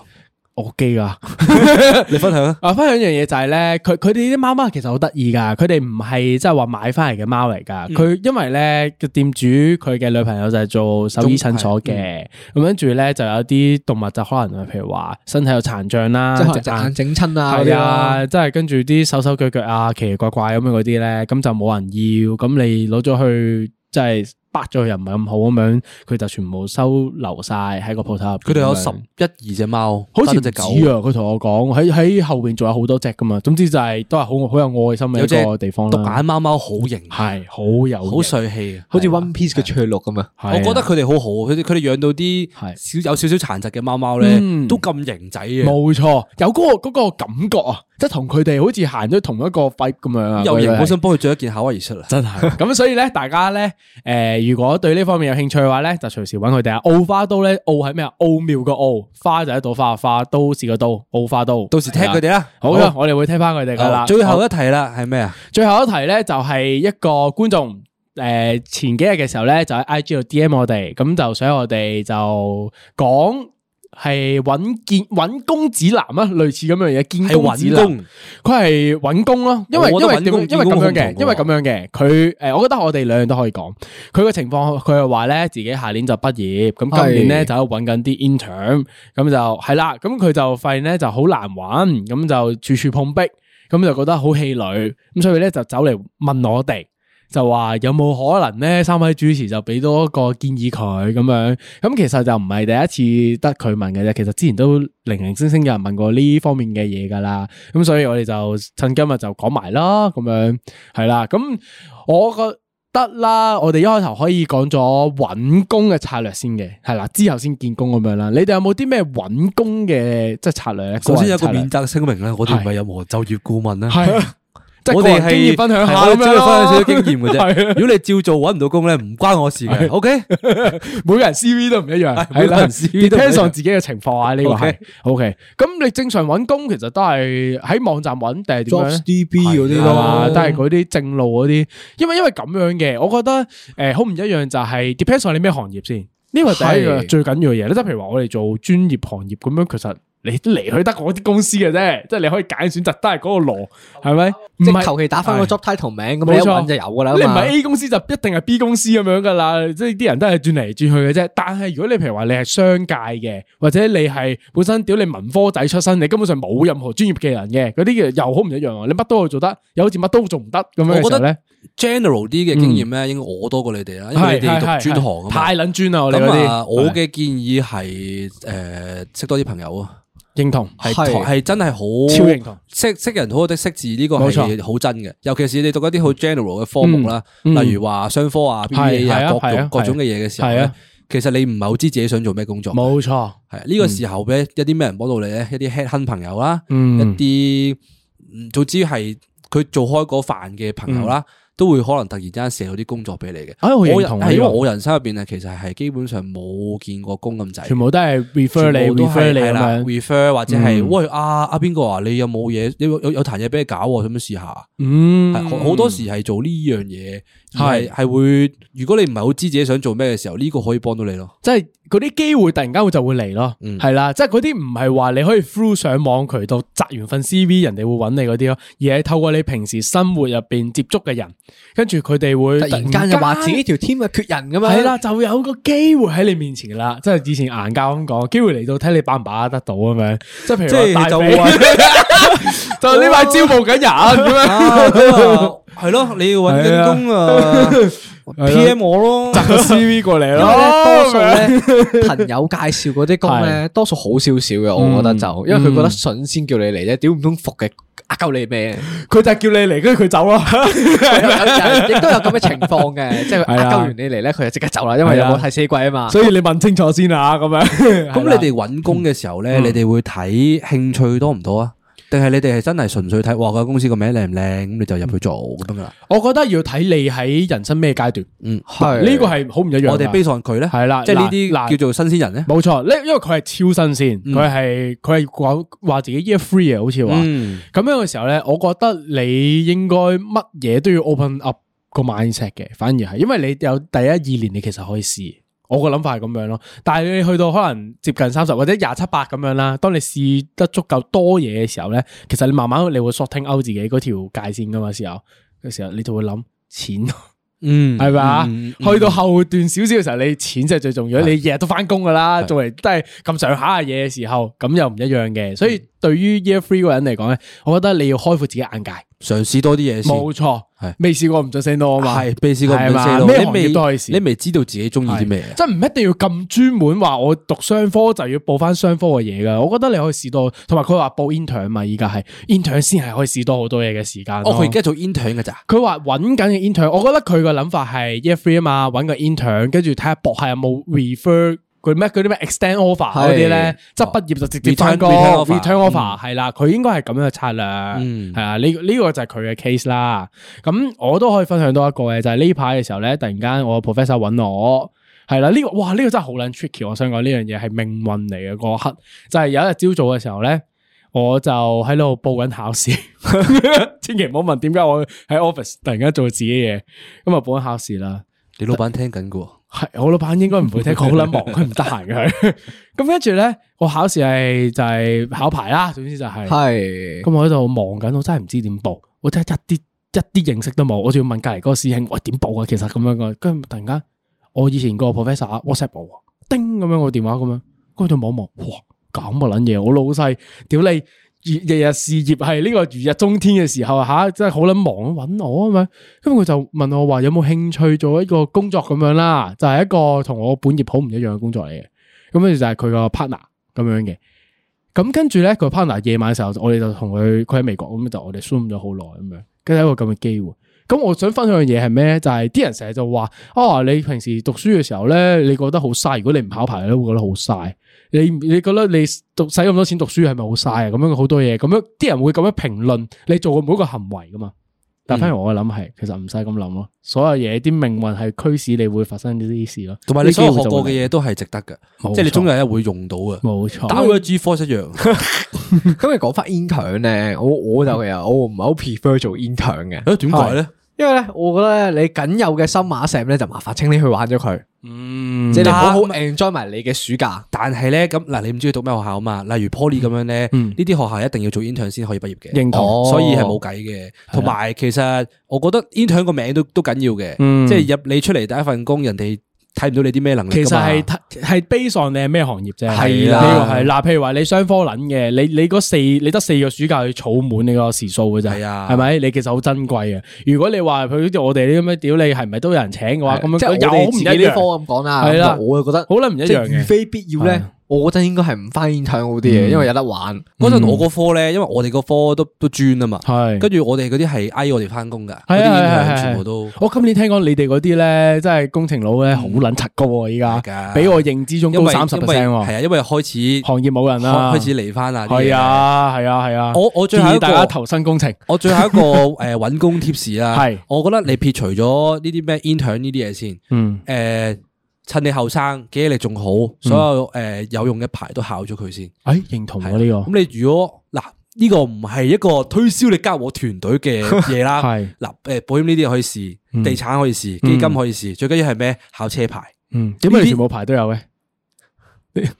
我機啊！你分享啊！分享一樣嘢就係、是、咧，佢佢哋啲貓貓其實好得意噶，佢哋唔係即係話買翻嚟嘅貓嚟噶，佢、嗯、因為咧個店主佢嘅女朋友就係做獸醫診所嘅，咁跟住咧就有啲動物就可能譬如話身體有殘障啦，隻眼整親啊，係啊，即係、啊、對吧 跟住啲手手腳腳啊，奇奇怪怪咁樣嗰啲咧，咁就冇人要，咁你攞咗去即係。就是八咗又唔係咁好咁樣，佢就全部收留晒喺個鋪頭。佢哋有十一二隻貓，好似隻狗啊！佢同我講，喺喺後邊仲有好多隻噶嘛。總之就係都係好好有愛心嘅一個地方啦。獨眼貓貓好型，係好有好帥氣，好似 One Piece 嘅翠綠咁啊！我覺得佢哋好好，佢哋佢養到啲少有少少殘疾嘅貓貓咧，都咁型仔嘅。冇錯，有嗰個個感覺啊，即係同佢哋好似行咗同一個 fit 咁樣啊！又型，我想幫佢着一件夏威夷恤出嚟，真係咁。所以咧，大家咧，誒。如果對呢方面有興趣嘅話咧，就隨時搵佢哋。奧花刀咧，奧係咩啊？奧妙個奧，花就一朵花，花都是個刀，奧花刀，到時聽佢哋啦。好啊，好的我哋會聽翻佢哋噶啦。最後一題啦，係咩啊？最後一題咧，就係一個觀眾誒，前幾日嘅時候咧，就喺 I G 度 D M 我哋，咁就想我哋就講。係揾見揾工指南啊，類似咁樣嘢，見工指南。佢係揾工咯，因為因為因為咁樣嘅，因為咁樣嘅，佢誒、呃，我覺得我哋兩樣都可以講。佢嘅情況，佢係話咧自己下年就畢業，咁今年咧就喺度揾緊啲 intern，咁就係啦。咁佢就發現咧就好難揾，咁就處處碰壁，咁就覺得好氣餒，咁所以咧就走嚟問我哋。就話有冇可能咧？三位主持就俾多一個建議佢咁樣，咁其實就唔係第一次得佢問嘅啫。其實之前都零零星星有人問過呢方面嘅嘢噶啦。咁所以我哋就趁今日就講埋啦，咁樣係啦。咁我覺得啦，我哋一開頭可以講咗搵工嘅策略先嘅，係啦，之後先見工咁樣啦。你哋有冇啲咩搵工嘅即係策略？首先有個免責聲明啦，的我哋唔係任何就業顧問啦。我哋係係咯，只係分享少少經驗嘅啫。如果你照做揾唔到工咧，唔關我事嘅。OK，每個人 CV 都唔一樣，每個人 CV depends on 自己嘅情況啊。呢個係 OK。咁你正常揾工其實都係喺網站揾定點樣 JobsDB 嗰啲咯，都係嗰啲正路嗰啲。因為因為咁樣嘅，我覺得誒好唔一樣就係 depends on 你咩行業先。呢個第一個最緊要嘅嘢咧，即係譬如話我哋做專業行業咁樣，其實。你都離去得嗰啲公司嘅啫，即係你可以揀選擇都係嗰個囉，係咪？唔係求其打翻個 job title 名咁，你一揾就有噶啦。你唔係 A 公司就一定係 B 公司咁樣噶啦，即係啲人都係轉嚟轉去嘅啫。但係如果你譬如話你係商界嘅，或者你係本身屌你文科仔出身，你根本上冇任何專業技能嘅嗰啲嘢，又好唔一樣啊！你乜都去做得，又好似乜都做唔得咁樣。我覺得咧，general 啲嘅經驗咧，應該我多過你哋啦，嗯、因為你哋讀專行啊，太捻專啦，我哋嗰啲。我嘅建議係誒、呃、識多啲朋友啊。認同，係係真係好超認同，識識人好識識字，呢個係好真嘅，尤其是你讀一啲好 general 嘅科目啦，例如話商科啊，係啊，各種各種嘅嘢嘅時候咧，其實你唔係好知自己想做咩工作。冇錯，係呢個時候俾一啲咩人幫到你咧？一啲 head hunt 朋友啦，一啲早知係佢做開嗰飯嘅朋友啦。都會可能突然之間射到啲工作俾你嘅、啊，我係人因為我人生入邊啊，其實係基本上冇見過工咁滯，全部都係 refer 你，refer 你啦的，refer 或者係、嗯、喂啊啊邊個啊，你有冇嘢有有壇嘢俾你搞，想唔想試下？嗯，好多時係做呢樣嘢。嗯係係會，如果你唔係好知自己想做咩嘅時候，呢、這個可以幫到你咯。即係嗰啲機會突然間會就會嚟咯，係啦、嗯，即係嗰啲唔係話你可以 through 上網渠道摘完份 CV，人哋會揾你嗰啲咯，而係透過你平時生活入邊接觸嘅人，跟住佢哋會突然間就話自己條 team 咪缺人咁樣。係啦，就會有個機會喺你面前啦。嗯、即係以前硬教咁講，機會嚟到睇你把唔把握得到咁樣。即係譬如大即話就呢、是、位 招募緊人咁樣。係咯，你要搵緊工啊？PM 我咯，集個 CV 過嚟咯。多數咧朋友介紹嗰啲工咧，多數好少少嘅。我覺得就因為佢覺得筍先叫你嚟啫，屌唔通服嘅啊，呃鳩你咩？佢就叫你嚟，跟住佢走咯。亦都有咁嘅情況嘅，即係啊，呃鳩完你嚟咧，佢就即刻走啦，因為有冇睇死貴啊嘛。所以你問清楚先啊，咁樣。咁你哋搵工嘅時候咧，你哋會睇興趣多唔多啊？定係你哋係真係純粹睇哇個公司個名靚唔靚，咁你就入去做咁樣。我覺得要睇你喺人生咩階段，嗯係呢個係好唔一樣。我哋 base on 佢咧，係啦的，即係呢啲叫做新鮮人咧，冇錯。呢因為佢係超新鮮，佢係佢係話自己 year free 啊，好似話。咁、嗯、樣嘅時候咧，我覺得你應該乜嘢都要 open up 個 mindset 嘅，反而係，因為你有第一二年，你其實可以試。我個諗法係咁樣咯，但係你去到可能接近三十或者廿七八咁樣啦，當你試得足夠多嘢嘅時候咧，其實你慢慢你會 shorting out 自己嗰條界綫噶嘛，時候嘅時候你就會諗錢，嗯係咪？吧嗯嗯、去到後段少少嘅時候，你錢就係最重要，的你日日都翻工噶啦，作為真係咁上下嘅嘢嘅時候，咁又唔一樣嘅，所以對於 year three 個人嚟講咧，我覺得你要開闊自己眼界。嘗試多啲嘢先，冇錯錯，係未試過唔做 send 啊嘛，係未試過唔做 send 多，吧試你未，你未知道自己中意啲咩？即係唔一定要咁專門話我讀商科就要報翻商科嘅嘢噶。我覺得你可以試多，同埋佢話報 intern 啊嘛，依家係 intern 先係可以試多好多嘢嘅時間。哦，佢而家做 intern 噶咋？佢話揾緊嘅 intern，我覺得佢個諗法係 year 3啊嘛，揾個 intern 跟住睇下博係有冇 refer。佢咩？嗰啲咩 extend offer 嗰啲咧，執畢的業就直接唱歌。return offer 係啦，佢、嗯、應該係咁樣嘅策略。係啊、嗯，呢、這、呢個就係佢嘅 case 啦。咁我都可以分享多一個嘅，就係呢排嘅時候咧，突然間我 professor 搵我，係啦呢個，哇呢、這個真係好捻 tricky。我想講呢樣嘢係命運嚟嘅嗰刻，就係有一日朝早嘅時候咧，我就喺度報緊考試， 千祈唔好問點解我喺 office 突然間做自己嘢，咁啊報緊考試啦。你老闆聽緊嘅。係我老闆，應該唔會聽，我好捻忙，佢唔得閒嘅佢。咁跟住咧，我考試係就係、是，考牌啦，總之就係、是。係的。咁我喺度忙緊，我真係唔知點報，我真係一啲一啲認識都冇，我仲要問隔籬嗰個師兄，喂，點報啊？其實咁樣個，跟住突然間，我以前個 professor，WhatsApp 我叮咁樣我電話咁樣，跟住就望望，哇咁個捻嘢，我老細屌你！日日事業係呢個如日中天嘅時候啊，吓真係好捻忙，揾我啊嘛。咁佢就問我話有冇興趣做一個工作咁樣啦，就係、是、一個同我本業好唔一樣嘅工作嚟嘅。咁、啊就是啊、跟住就係佢個 partner 咁樣嘅。咁跟住咧，佢 partner 夜晚嘅時候，我哋就同佢，佢喺美國咁、啊，就我哋 Zoom 咗好耐咁樣。跟、啊、住、就是、一個咁嘅機會，咁、啊、我想分享嘅嘢係咩咧？就係、是、啲人成日就話啊，你平時讀書嘅時候咧，你覺得好嘥。如果你唔考牌，你都會覺得好嘥。你你覺得你讀使咁多錢讀書係咪好嘥啊？咁樣好多嘢，咁樣啲人會咁樣評論你做過每一個行為噶嘛？但係反而我嘅諗係，嗯、其實唔使咁諗咯。所有嘢啲命運係驅使你會發生呢啲事咯。同埋你所學過嘅嘢都係值得嘅，錯即係你總有一會用到嘅。冇錯錯，你打個 G four 一樣。咁你講翻 intern 咧，我我就又、是、我唔係好 prefer 做 intern 嘅。誒，點解咧？因為咧，我覺得你僅有嘅心馬石咧，就麻煩請你去玩咗佢。嗯，即係你好好 enjoy 埋你嘅暑假。但係咧咁嗱，你唔知要讀咩學校啊嘛？例如 Poly 咁樣咧，呢啲、嗯、學校一定要做 intern 先可以畢業嘅。認同，所以係冇計嘅。同埋的，其實我覺得 intern 個名都都緊要嘅。嗯、即係入你出嚟第一份工，人哋。睇唔到你啲咩能力。其實係係 basic、嗯、係你係咩行業啫？係啦、啊，係嗱，譬如話你雙科撚嘅，你你四你得四個暑假去儲滿你個時數嘅啫，係咪、啊？你其實好珍貴嘅。如果你話佢好似我哋啲咁嘅屌，你係唔係都有人請嘅話，咁樣、啊、麼即係有唔一啲科咁講啦，係啦，我覺得好撚唔一樣。如非必要咧。我嗰陣應該係唔翻 intern 好啲嘢，因為有得玩。嗰陣我嗰科咧，因為我哋個科都都專啊嘛，係。跟住我哋嗰啲係挨我哋翻工噶，嗰啲 intern 全部都。我今年聽講你哋嗰啲咧，真係工程佬咧好捻柒高喎，依家。係噶。比我認知中高三十 percent。係啊，因為開始行業冇人啦，開始嚟翻啦。係啊，係啊，係啊。我我建議大家投身工程。我最後一個誒搵工 tips 啦，係。我覺得你撇除咗呢啲咩 intern 呢啲嘢先。嗯。誒。趁你後生，記憶力仲好，嗯、所有誒有用嘅牌都考咗佢先。誒、欸，認同啊呢的、嗯這個。咁你如果嗱呢個唔係一個推銷你加入我團隊嘅嘢啦。係嗱 的，誒保險呢啲可以試，嗯、地產可以試，基金可以試，最緊要係咩？考車牌。嗯，點解你全部牌都有咧？些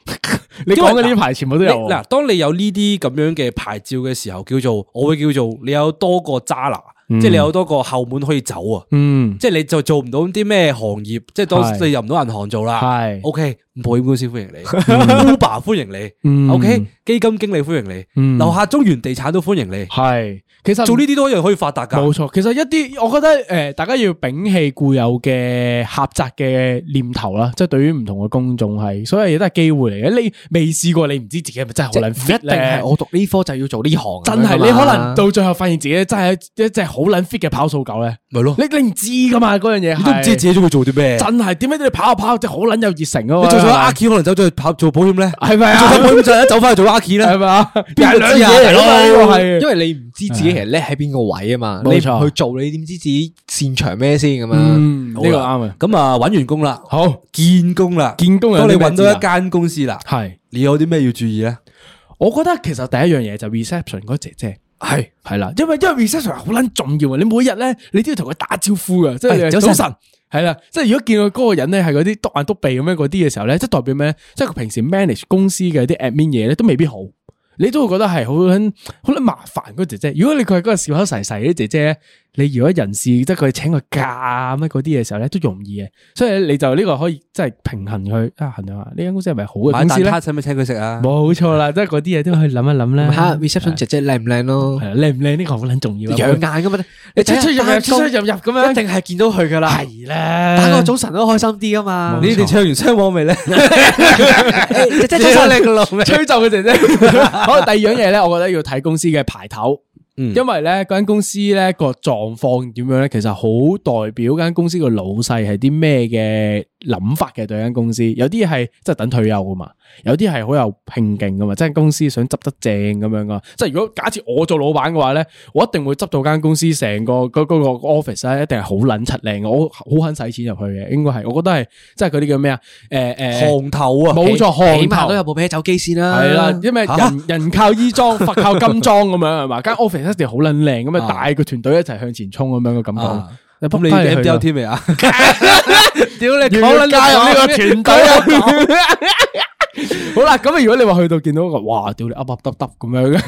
你講嘅呢啲牌全部都有。嗱、呃呃，當你有呢啲咁樣嘅牌照嘅時候，叫做我會叫做你有多個揸拿。即係你有好多個後門可以走啊！嗯、即係你就做唔到啲咩行業，嗯、即係當時你入唔到銀行做啦。OK、嗯。OK 保險公司歡迎你，Uber 歡迎你，OK 基金經理歡迎你，樓下中原地產都歡迎你，係其實做呢啲都一樣可以發達噶，冇錯。其實一啲我覺得誒，大家要摒棄固有嘅狹窄嘅念頭啦，即係對於唔同嘅公眾係所有嘢都係機會嚟嘅。你未試過，你唔知自己係咪真係好卵 fit 咧。一定係我讀呢科就要做呢行，真係你可能到最後發現自己真係一隻好卵 fit 嘅跑數狗咧，係咯？你你唔知噶嘛，嗰樣嘢，你都唔知自己會做啲咩。真係點解你跑下跑，即係好卵有熱誠啊？阿 k 可能走咗去跑做保險咧，係咪啊？做保險就走翻去做阿 kie 咧，係嘛？邊個兩嘢嚟咯？係，因為你唔知自己其實叻喺邊個位啊嘛。冇錯，去做你點知自己擅長咩先咁樣？呢個啱啊。咁啊，搵完工啦，好見工啦，見工。當你搵到一間公司啦，係，你有啲咩要注意咧？我覺得其實第一樣嘢就 reception 嗰姐姐係係啦，因為因為 reception 好撚重要啊！你每日咧你都要同佢打招呼噶，即係早晨。係啦，即係如果見到嗰個人咧，係嗰啲篤眼篤鼻咁樣嗰啲嘅時候咧，即係代表咩？即係佢平時 manage 公司嘅啲 admin 嘢咧，都未必好。你都會覺得係好捻好捻麻煩嗰姐姐。如果你佢係嗰個笑口噬噬嘅姐姐，你如果人事即係佢請個假咩嗰啲嘢時候咧都容易嘅，所以你就呢個可以即係平衡佢。衡量吓呢間公司係咪好嘅公司咧，晚餐使唔使請佢食啊？冇錯啦，即係嗰啲嘢都可以諗一諗啦。吓，reception 姐姐靚唔靚咯？係靚唔靚呢個好捻重要。養眼噶嘛？你出出入入出出入入咁樣，一定係見到佢噶啦。係啦，打個早晨都開心啲噶嘛。你哋吹完吹往未咧？真係早晨靚噶咯，吹就佢姐姐。好，第二樣嘢咧，我覺得要睇公司嘅牌頭。因為咧，嗰間公司咧個狀況點樣咧，其實好代表間公司個老細係啲咩嘅。諗法嘅對間公司，有啲係即係等退休噶嘛，有啲係好有拼勁噶嘛，即係公司想執得正咁樣噶。即係如果假設我做老闆嘅話咧，我一定會執到間公司成個嗰嗰、嗰個 office 咧，一定係好捻出靚，我好肯使錢入去嘅。應該係，我覺得係即係嗰啲叫咩啊？誒、呃、誒，行、呃、頭啊，冇錯，行頭起碼都有部啤酒機先啦，啊。係啦，因為人、啊、人靠衣裝，佛靠金裝咁樣係嘛。間 office、啊、 一定要好捻靚，咁啊帶個團隊一齊向前衝咁樣嘅感覺。啊你扑你點雕添未啊？屌你，好捻假啊呢個團隊。好啦，咁如果你話去到見到，嗰個，哇！屌你噏噏耷耷，噏噏耷耷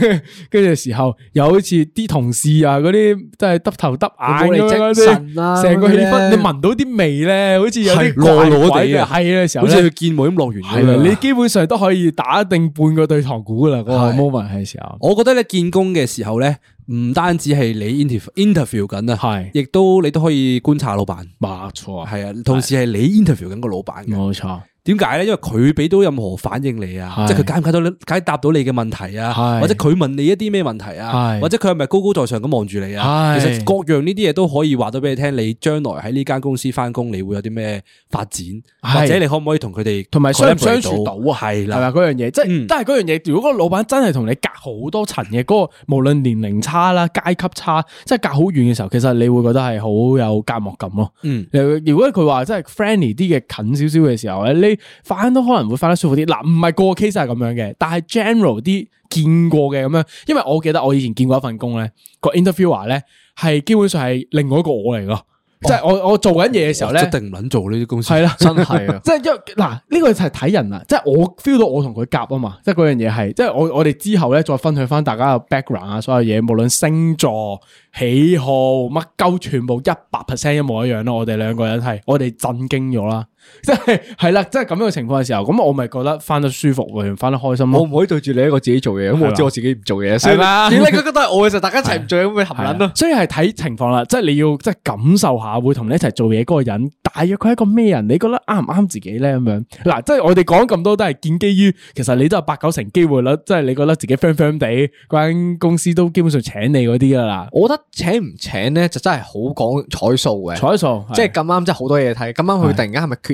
咁樣，跟住時候又好似啲同事啊，嗰啲真係耷頭耷眼咁樣，成個氣氛，你聞到啲味咧，好似有啲怪怪地，係啊，時候好似去見梅咁落完雨啦。你基本上都可以打定半個對堂鼓噶啦，嗰個 moment 係時候。我覺得咧，見工嘅時候咧，唔單止係你 interview interview 緊啊，係是，亦都你都可以觀察老闆，冇錯錯，係啊，同時係你 interview 緊個老闆，冇錯錯。點解咧？因為佢俾到任何反應你啊，即係佢解唔解答到你解答到你嘅問題啊，或者佢問你一啲咩問題啊，或者佢係咪高高在上咁望住你啊？其實各樣呢啲嘢都可以話到俾你聽，你將來喺呢間公司翻工，你會有啲咩發展，或者你可唔可以同佢哋同埋相唔相處到啊？係啦，係咪嗰樣嘢？即係但係嗰樣嘢。如果個老闆真係同你隔好多層嘅，嗰個無論年齡差啦、階級差，即係隔好遠嘅時候，其實你會覺得係好有隔膜感咯。嗯，如果佢話真係 friendly 啲嘅近少少嘅時候咧，你反都可能會翻得舒服啲，嗱、呃，唔係個 case 係咁樣嘅，但係 general 啲見過嘅咁樣，因為我記得我以前見過一份工咧，個 interviewer 咧係基本上係另外一個我嚟噶即係、哦、我我做緊嘢嘅時候咧，一定唔捻做呢啲公司，係啦，真係啊，即係因為嗱呢個就係睇人啊，即、就、係、是、我 feel 到我同佢夾啊嘛，即係嗰樣嘢係，即、就、係、是、我我哋之後咧再分享翻大家嘅 background 啊，所有嘢，無論星座、喜好、乜鳩，全部一百 percent 一模一樣咯，我哋兩個人係，我哋震驚咗啦。即係係啦，即係咁樣嘅情況嘅時候，咁我咪覺得翻得舒服，或者翻得開心，我唔可以對住你一個自己做嘢，咁的我知我自己唔做嘢，所以你覺得係我嘅時候，大家一齊唔做嘢咁含合捻咯。所以係睇情況啦，即係你要即係感受下會同你一齊做嘢嗰個人，大約佢係一個咩人？你覺得啱唔啱自己咧咁樣？嗱，即係我哋講咁多都係建基於，其實你都係八九成機會啦。即係你覺得自己 friend friend 地，間公司都基本上請你嗰啲噶啦。我覺得請唔請咧，就真係好講彩數嘅。彩數，即係咁啱，即係好多嘢睇。咁啱佢突然間係咪缺？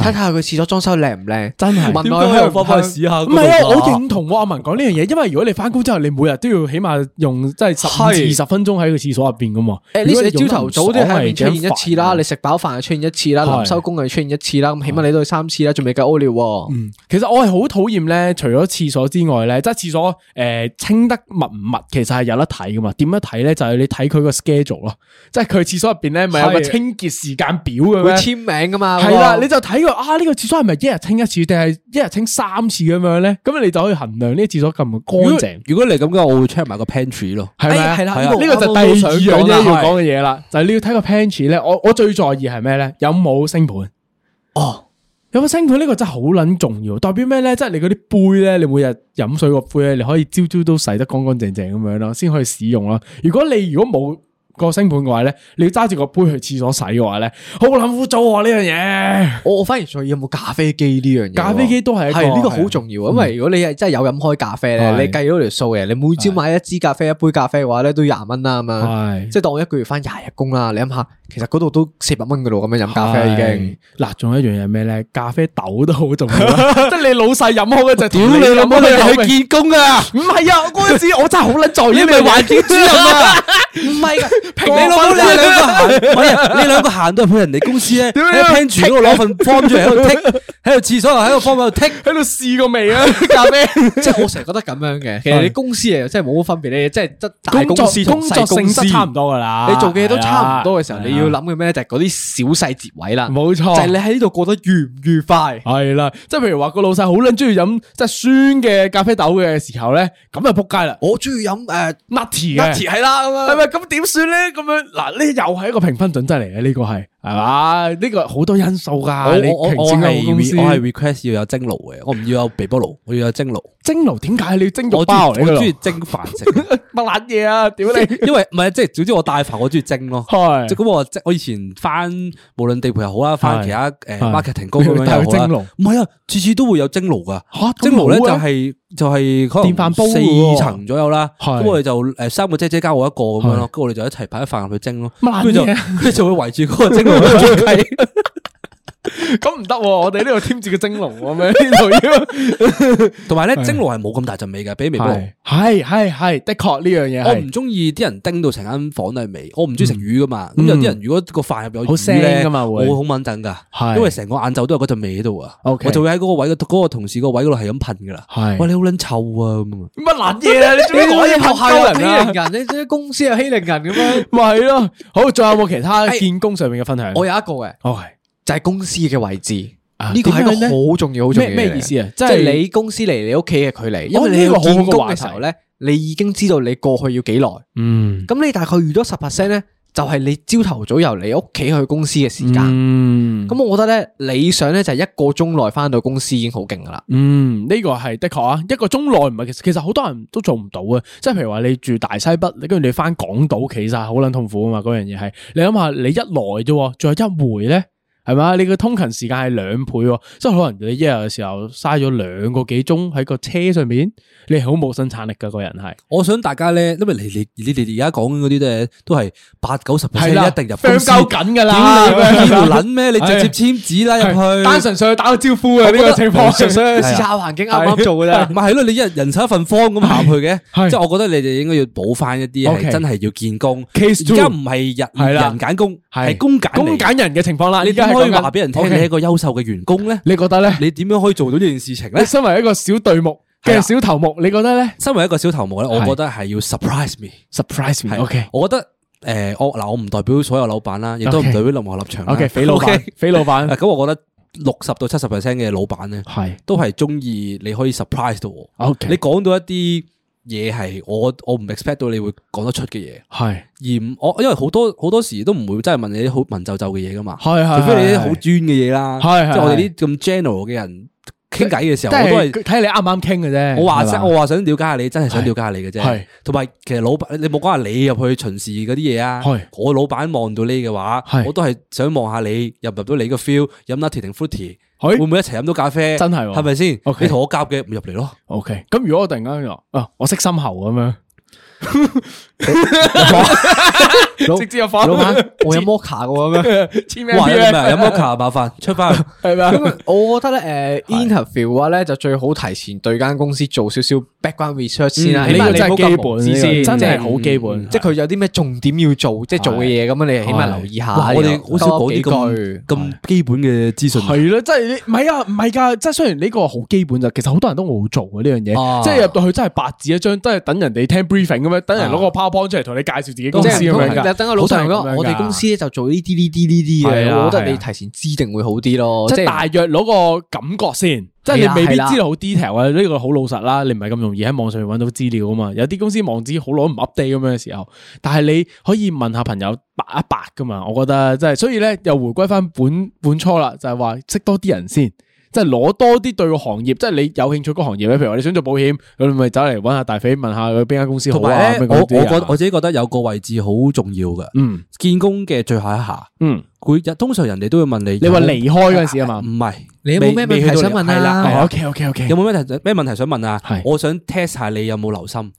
睇下佢廁所裝修靚唔靚，真係點解喺度放塊屎下？唔係，我認同阿文講呢樣嘢，因為如果你翻工之後，你每日都要起碼用即係十至二十分鐘喺個廁所入邊噶嘛。誒，你朝頭早都要出現一次啦，你食飽飯出現一次啦，臨收工又出現一次啦，咁起碼你都去三次啦，仲未夠屙尿喎。嗯，其實我係好討厭咧，除咗廁所之外咧，即係廁所誒清得密唔密，其實係有得睇噶嘛。點樣睇咧？就係你睇佢個 schedule 咯，即係佢廁所入邊咧，咪有個清潔時間表嘅，會簽名噶嘛。係啦，你就睇啊！呢、這個廁所係咪一日清一次，定係一日清三次咁樣咧？咁你就可以衡量呢個廁所夠唔夠乾淨。淨如，果如果你咁嘅，我會 check 埋個 pantry 咯。係係啦，呢個就第二樣咧要講嘅嘢啦。就係、是、你要睇個 pantry 咧，我我最在意係咩咧？有冇星盆？哦，有冇星盆呢個真係好撚重要，代表咩咧？即、就、係、是、你嗰啲杯咧，你每日飲水個杯咧，你可以朝朝都洗得乾乾淨淨咁樣啦，先可以使用啦。如果你如果冇，個升盤嘅話咧，你要揸住個杯去廁所洗嘅話咧，好難做呢樣嘢。 我反而在意有冇咖啡機呢樣嘢，咖啡機都係一個，呢個好，呢個重要。的因為如果你係真係有飲開咖啡咧，的你計咗條數嘅，你每朝買一支咖啡的一杯咖啡嘅話咧，都廿蚊啦，咁樣，即係當我一個月返廿日工啦，你諗下。其實嗰度都四百蚊噶咯，咁樣飲咖啡已經嗱，仲有一樣嘢咩咧？咖啡豆都好重要，即係你老細飲好嘅就屌你老母，你去見工啊？唔係啊，嗰陣時我真係好捻在意，你咪環境主任啊？唔係噶，憑你老你兩個行，到去人哋公司咧，喺廳住嗰度攞份 form 喺度 tick 喺度廁所又喺度 form 喺度 tick 喺度試過未啊？咖啡，即係我成日覺得咁樣嘅。其實你公司啊，真係冇乜分別咧，即係大公司同細公司差唔多噶啦，你做嘅嘢都差唔多嘅時候，你。要諗嘅咩咧？就係嗰啲小細節位啦，冇錯，就係你喺呢度過得愉唔愉快。係啦，即係譬如話個老細好捻中意飲即係酸嘅咖啡豆嘅時候咧，咁就撲街啦。我中意飲誒 nutty 嘅，nutty 係啦，係咪咁點算咧？咁樣嗱，呢又係一個評分準則嚟嘅呢個係，係嘛？呢個好多因素噶。我你我公司我係我係 request 要有蒸爐嘅，我唔要有微波爐，我要有蒸爐。蒸爐，點解你要蒸肉包？我中意蒸飯食，乜卵嘢啊！屌你！因為唔係即係，總之我帶飯我中意蒸咯。係咁我蒸，我以前翻，無論地盤又好啦，翻其他誒 marketing 工咁樣又好啦。蒸爐唔係啊，次次都會有蒸爐噶。蒸爐咧就係就係可能四層左右啦。咁我哋就誒三個姐姐加我一個咁樣咯。咁我哋就一齊擺啲飯入去蒸咯。乜卵佢就會圍住嗰個蒸爐。咁唔得，我哋呢度添住個蒸籠，咁樣同埋咧，蒸籠係冇咁大陣味嘅，比微波係，係係的確呢樣嘢，我唔中意啲人叮到成間房都係味，我唔中意食魚噶嘛，咁有啲人如果個飯入邊有腥噶嘛，我好敏感噶，因為成個晏晝都有嗰陣味喺度啊，我就會喺嗰個位個嗰個同事個位嗰度係咁噴噶啦，喂，你好捻臭啊，咁乜捻嘢啊，你中意學校人嘅人，你公司又欺凌人咁樣。咪係咯，好，仲有冇其他揾工上面嘅分享？我有一個嘅，但係公司嘅位置，啊，呢個係一個好重要，好重要。咩意思啊？即係你公司離你屋企嘅距離。哦，呢個好好嘅時候咧，你已經知道你過去要幾耐。嗯。咁你大概預咗十 percent 咧，就係你朝頭早由你屋企去公司嘅時間。嗯。咁我覺得咧，理想咧就係一個鐘內翻到公司已經好勁噶啦。嗯，呢個係的確啊，一個鐘內唔係，其實其實好多人都做唔到啊。即係譬如話你住大西北，你跟住你翻港島，其實好撚痛苦啊嘛。嗰樣嘢係你諗下，你一來啫，仲有一回咧。係嘛？你個通勤時間係兩倍，即係可能你一日嘅時候嘥咗兩個幾鐘喺個車上面，你係好冇生產力噶個人係。我想大家咧，因為你你你哋而家講緊嗰啲都係都係八九十部車一定入公司，點捻咩？你直接簽紙啦入去，單純上去打個招呼嘅呢個情況，上去試下環境啱啱做嘅啫。咪係咯？你一人人手一份方咁行去嘅，即係我覺得你就應該要補翻一啲係真係要見工。而家唔係人人揀工，係工揀工揀人嘅情況啦。而家。可以話俾人聽，你係一個優秀嘅員工咧？你覺得咧？你點樣可以做到呢件事情咧？你身為一個小隊目嘅小頭目，你覺得咧？身為一個小頭目咧，我覺得係要 surprise me，surprise me。OK，我覺得誒，我嗱，我唔代表所有老闆啦，亦都唔代表任何立場啦。OK，肥老闆，肥老闆。咁我覺得六十到七十 percent 嘅老闆咧，係都係中意你可以 surprise 到我。OK，你講到一啲。嘢係我我唔 expect 到你會講得出嘅嘢，係是而我因為好多好多時都唔會真係問你啲好文縐縐嘅嘢㗎嘛，是是是除非你啲好專嘅嘢啦，是是是即係我哋啲咁 general 嘅人。傾偈嘅時候，我都係睇下你啱唔啱傾嘅啫。我話想，我話想了解下你，真係想了解下你嘅啫。係同埋，其實老闆，你冇講話，你入去巡視嗰啲嘢啊。我老闆望到你嘅話，我都係想望下你入唔入到你個 feel，飲 nutty 定 fruity，會唔會一齊飲到咖啡？真係，係咪先？你同我夾嘅，入嚟咯。OK，咁如果我突然間又啊，我識心喉咁樣。直接有發，我有摩卡嘅咩？哇，唔係有摩卡啊，麻煩出翻係咪？我覺得咧，誒，interview 嘅話咧就最好提前對間公司做少少 background research 先啦。呢個真係基本先，真係好基本。即係佢有啲咩重點要做，即係做嘅嘢咁啊？你起碼留意下。我哋好少講幾句咁基本嘅資訊。係啦，即係唔係啊，唔係噶。即係雖然呢個好基本咋，其實好多人都冇做嘅呢樣嘢。即係入到去真係白紙一張，都係等人哋聽 briefing 等人攞個 powerpoint 出嚟同你介紹自己公司咁、嗯、樣噶，等我老人咯。我哋公司咧就做呢啲呢啲呢啲嘢，我覺得你提前知定會好啲咯，即係的大約攞個感覺先，即係的你未必知道好 detail 啊。呢的個好老實啦，你唔係咁容易喺網上面揾到資料啊嘛。有啲公司網址好攞唔 update 咁樣嘅時候，但係你可以問下朋友白一白噶嘛。我覺得即係，所以咧又回歸翻本本初啦，就係、是、話識多啲人先。即係攞多啲對個行業，即係你有興趣個行業咧。譬如話你想做保險，咁咪走嚟揾下大肥，問下佢邊間公司好啱。同埋咧，我我覺我自己覺得有個位置好重要噶。嗯，見工嘅最後一下。嗯，佢日通常人哋都會問你。你話離開嗰陣時啊嘛？唔係。你有冇咩問題想問啊？係啦。OK OK OK。有冇咩咩問題想問啊？我想 test 下你有冇留心，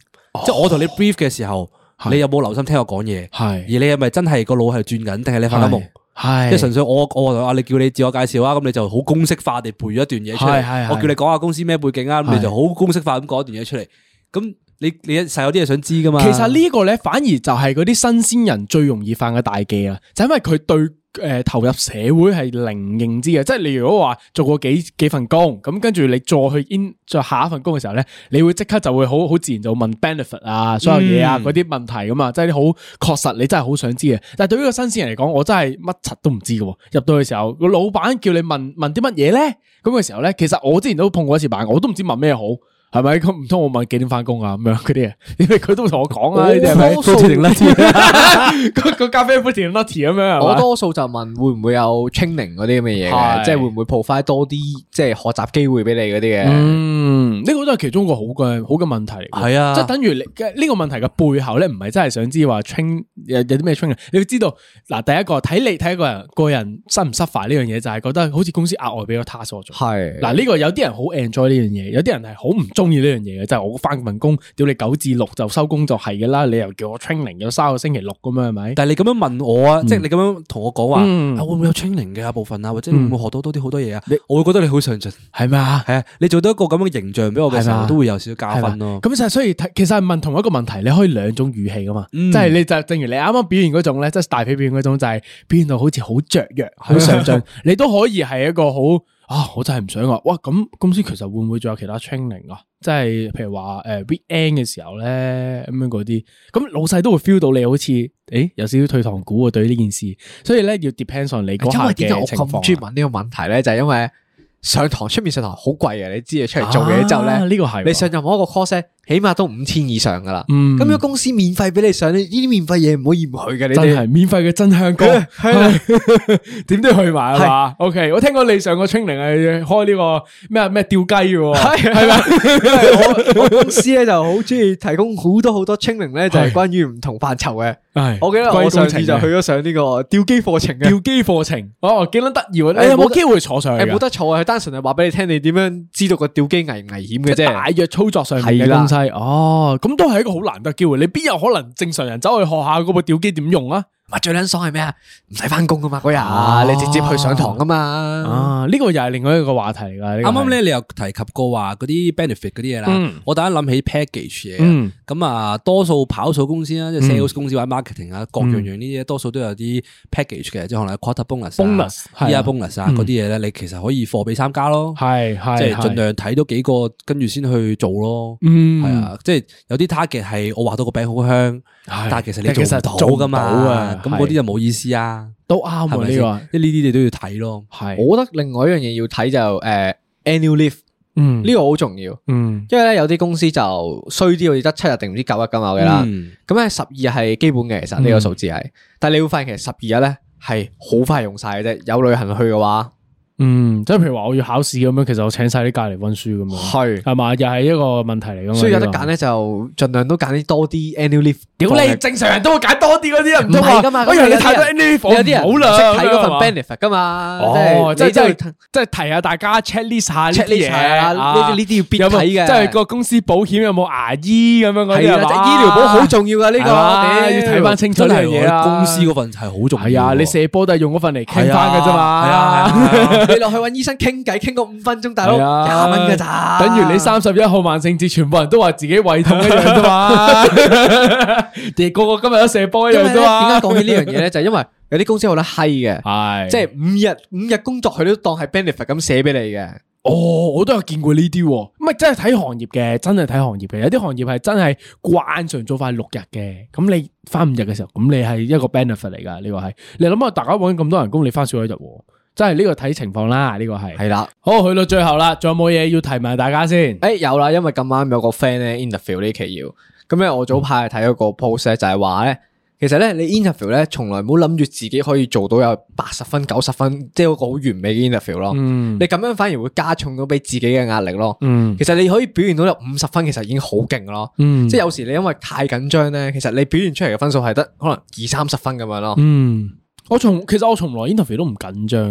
即係我同你 brief 嘅時候，你有冇留心聽我講嘢？係。而你係咪真係個腦係轉緊，定係你發夢？係，即係純粹我我阿李叫你自我介紹啊，咁你就好公式化地背咗一段嘢出嚟。我叫你講下公司咩背景啊，咁是你就好公式化咁講一段嘢出嚟。咁你你實有啲嘢想知噶嘛？其實呢個咧，反而就係嗰啲新鮮人最容易犯嘅大忌啦，就係因為佢對。誒，投入社會係零認知嘅，即係你如果話做過幾幾份工，咁跟住你再去 in 再下一份工嘅時候咧，你會即刻就會好好自然就問 benefit 啊，所有嘢啊，嗰啲，嗯、問題咁、啊、嘛？即係你好確實你真係好想知嘅。但係對於個新鮮人嚟講，我真係乜柒都唔知㗎。入到去時候，個老闆叫你問問啲乜嘢咧，咁嘅時候咧，其實我之前都碰過一次板，我都唔知問咩好。係咪咁，唔通我問幾點翻工啊？咁樣嗰啲，因為佢都同我講啊，呢啲係咪？多數 latte，嗰 笑笑咖啡杯定 Lucky 咁樣，我多數就問會唔會有 training 嗰啲咁嘅嘢，是即係會唔會 provide 多啲即係學習機會俾你嗰啲嘅。Mm, 呢個都係其中一個好嘅好嘅問題嚟，係啊，即係等於你呢、這個問題嘅背後咧，唔係真係想知話 train 有啲咩 train。你要知道，嗱，第一個睇你睇一個人個人失唔失敗呢樣嘢，就係、是、覺得好似公司額外俾咗 task 做。係嗱，呢、這個有啲人好 enjoy 呢樣嘢，有啲人係好唔中意呢樣嘢嘅。就係、是、我翻份工，屌你九至六就收工就係嘅啦，你又叫我 training 有三個星期六咁樣係咪？是是但係你咁樣問我啊，即係你咁樣同我講話，有會唔會有 training 嘅部分啊，或者會唔會學到多啲好多嘢啊？嗯、我會覺得你好上進，係咪啊？係啊，你做到一個咁嘅形象。我係嘛，嗎都會有少少加分咯。咁就、嗯、所以睇，其實問同一個問題，你可以兩種語氣噶嘛。即係、嗯、你就正如你啱啱表現嗰種咧，即係大體表現嗰種，就係變到好似好雀躍、好上進。 你都可以係一個好啊，我就係唔想話。哇，咁公司其實會唔會仲有其他 training 啊？即係、嗯就是、譬如話誒，weekend 嘅時候咧，咁樣嗰啲。咁老細都會 feel 到你好似誒、欸、有少少退堂鼓啊，對於呢件事。所以咧，要 depends on 你嗰刻嘅情況。因為點解我咁中意問呢個問題咧？就係、因為。上堂出面上堂好貴嘅，你知啊？出嚟做嘢之後咧，你上任何一個 course。起碼都五千以上噶啦，咁樣公司免費俾你上呢？啲免費嘢唔可以唔去嘅你啲。真係免費嘅真香哥，點都要去埋啊嘛。OK，我聽講你上個 training 係開呢個咩咩吊雞嘅，係咪？我公司咧就好中意提供好多好多 training 咧，就係關於唔同範疇嘅。我記得我上次就去咗上呢個吊機課程嘅。吊機課程哦，幾撚得意啊！誒，冇機會坐上去，冇得坐啊，佢單純係話俾你聽，你點樣知道個吊機危唔危險嘅啫？大約操作上係啦。哦，咁都係一個好難得嘅機會，你邊有可能正常人走去學下嗰部吊機點用啊？最撚爽係咩啊？唔使翻工噶嘛，嗰日你直接去上堂噶嘛。啊，呢個又係另外一個話題嚟㗎。啱啱咧，你又提及過話嗰啲 benefit 嗰啲嘢啦。我第一間諗起 package 嘢。咁啊，多數跑數公司啦，即係 sales 公司或者 marketing 啊，各樣樣呢啲多數都有啲 package 嘅，即可能 quarter bonus、year bonus 啊嗰啲嘢咧，你其實可以貨比三家咯。係，即係盡量睇到幾個，跟住先去做咯。嗯，啊，即係有啲 target 係我話到個餅好香，但係其實你做唔到㗎嘛。咁嗰啲就冇意思啊。都啱喎，呢啲，即呢啲你都要睇咯係。係，我覺得另外一樣嘢要睇就誒、呃、annual leave，嗯，呢個好重要，嗯，因為咧有啲公司就衰啲，好似得七日定唔知九日咁樣嘅啦。咁咧十二日係基本嘅，其實呢個數字係、嗯，但係你會發現其實十二日咧係好快用晒嘅啫，有旅行去嘅話。嗯，即係譬如話我要考試咁樣，其實我請晒啲隔嚟溫書咁樣，係係嘛，又係一個問題嚟嘛。所以有得揀咧，就盡量都揀啲多啲 annual leave 屌你，正常人都會揀多啲嗰啲啊，唔係噶嘛。因為你睇多 annual leave 有啲人好啦，識睇嗰份 benefit 噶嘛。哦，即係即係即係提下大家 check list 下 c 呢啲嘢啊，呢啲呢啲要必睇嘅。即係個公司保險有冇牙醫咁樣嗰啲啊？醫療保好重要噶呢個，要睇翻清楚樣嘢。公司嗰份係好重要。係啊，你射波都係用嗰份嚟傾翻噶啫嘛。係啊。你落去揾醫生傾偈，傾個五分鐘，大佬廿蚊㗎咋？啊、等於你三十一號萬聖節，全部人都話自己胃痛一樣嘅嘛？哋 個個今日都射波一樣嘅嘛？點解講起呢樣嘢咧？ 就因為有啲公司好得閪嘅，是即係五日五日工作，佢都當係 benefit 咁寫俾你嘅。哦，我都有見過呢啲，唔係真係睇行業嘅，真係睇行業嘅。有啲行業係真係慣常做翻六日嘅，咁你翻五日嘅時候，咁你係一個 benefit 嚟㗎。你話係你諗下，大家揾咁多人工，你翻少咗一日。都係呢個睇情況啦，呢個係係啦，是的 好，去到最後啦，仲有冇嘢要提埋大家先？誒，有啦，因為咁啱有個 friend 咧 interview 呢期要，咁樣我早排睇咗個 post 咧，就係話咧，其實咧你 interview 咧，從來冇諗住自己可以做到有八十分、九十分，即係一個好完美嘅 interview 咯。嗯、你咁樣反而會加重到俾自己嘅壓力咯。嗯、其實你可以表現到有五十分，其實已經好勁咯。嗯、即係有時你因為太緊張咧，其實你表現出嚟嘅分數係得可能二三十分咁樣咯。嗯我從其實我從來 interview 都唔緊張，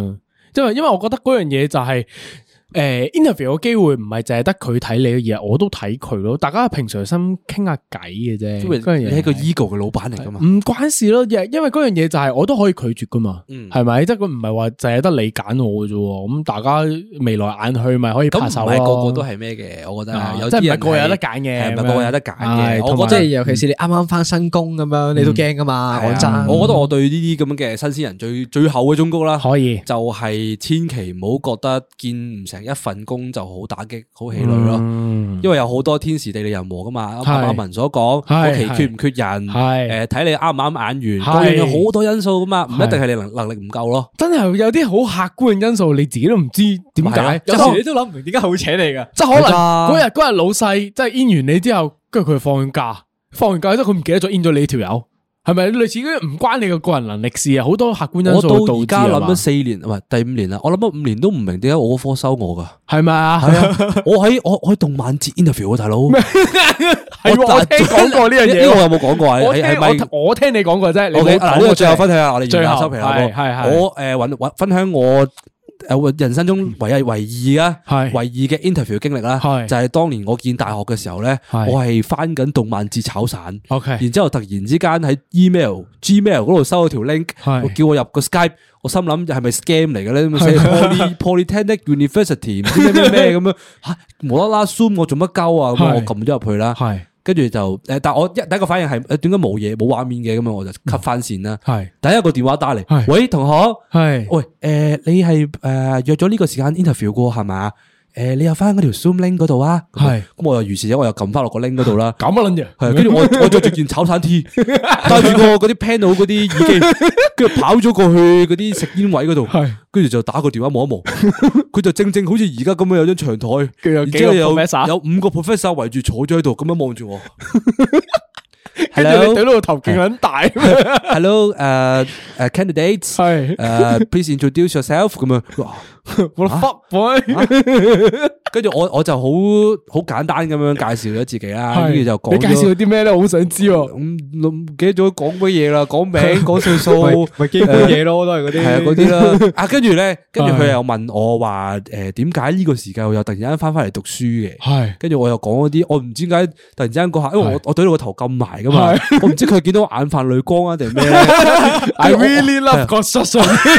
因為因為我覺得嗰樣嘢就係、是。誒，interview 嘅機會唔係淨係得佢睇你嘅嘢，我都睇佢咯。大家平常心傾下偈嘅啫。嗰樣你係個 Eagle 嘅老闆嚟噶嘛？唔關事咯，因因為嗰樣嘢就係我都可以拒絕噶嘛。嗯，係咪？即係佢唔係話淨係得你揀我嘅啫。咁大家未來眼去咪可以拍手咯。唔係個個都係咩嘅？我覺得有啲人個有得揀嘅，唔係個有得揀嘅。我即係尤其是你啱啱翻新工咁樣，你都驚噶嘛？講真，我覺得我對呢啲咁嘅新鮮人最最厚嘅忠告啦，可以就係千祈唔好覺得見唔成，一份工就好打擊，好氣餒咯。嗯、因為有好多天時地利人和噶嘛，是阿阿文所講，我奇是缺唔缺人，係誒睇你啱唔啱眼緣，係好是多因素噶嘛，唔是一定係你能能力唔夠咯。真係有啲好客觀嘅因素，你自己都唔知點解，啊、就有時你都諗唔明點解會請你噶。即係可能嗰日嗰日老細即係 in 完你之後，跟住佢放完假，放完假之後佢唔記得咗 in 咗你條友。係咪類似嗰啲唔關你嘅個人能力事啊？好多客觀因素導致我到而家諗咗四年，唔係第五年啦，我諗咗五年都唔明，點解我科收我噶？係咪啊？係啊！我喺我我喺動漫節 interview 啊，大佬。係我聽講過呢樣嘢，呢個我有冇講過啊？我聽你講過啫。嗱，呢個最後分享下我哋最後收皮係係。我誒，分享我。人生中唯一唯二啊，唯二嘅 interview 經歷啦，就係當年我見大學嘅時候咧，我係翻緊動漫節炒散，然之後突然之間喺 email、gmail 嗰度收咗條 link，叫我入個 Skype，我心諗係咪 scam 嚟嘅咧？咁樣寫 Polytechnic University 咩咩咩咁樣吓，無啦啦 sum 我做乜鳩啊？咁我撳咗入去啦。跟住就，誒，但我一第一個反應係，誒，點解冇嘢，冇畫面嘅，咁啊，我就 cut 翻線啦。係、嗯，第一個電話打嚟，是喂，同學，係是，喂，誒、呃，你係誒、呃、約咗呢個時間 interview 嘅係咪？誒，你又翻嗰條 Zoom link 嗰度啊？係，咁我又如是者，我又撳翻落個 link 嗰度啦。咁啊，捻嘢。係，跟住我，我着住件炒散 T，戴住個嗰啲 panel 嗰啲耳機，跟住跑咗過去嗰啲食煙位嗰度。係，跟住就打個電話望一望，佢就正正好似而家咁樣有張長台，然之後有有五個 professor 圍住坐咗喺度，咁樣望住我。係咯，懟到個頭勁很大。係咯，hello，誒誒，candidates 誒，please introduce yourself 咁啊。我 f u 跟住我我就好好簡單咁樣介紹咗自己啦，跟住就講介紹咗啲咩咧，我好想知，咁唔記得咗講乜嘢啦，講名講歲數，咪基本嘢咯，都係嗰啲，係啊嗰啲啦，啊跟住咧，跟住佢又問我話，誒點解呢個時間我又突然間翻翻嚟讀書嘅，係，跟住我又講嗰啲，我唔知點解突然之間嗰下，因為我我懟到個頭咁埋噶嘛，我唔知佢見到眼泛淚光啊定咩，I really love Godson。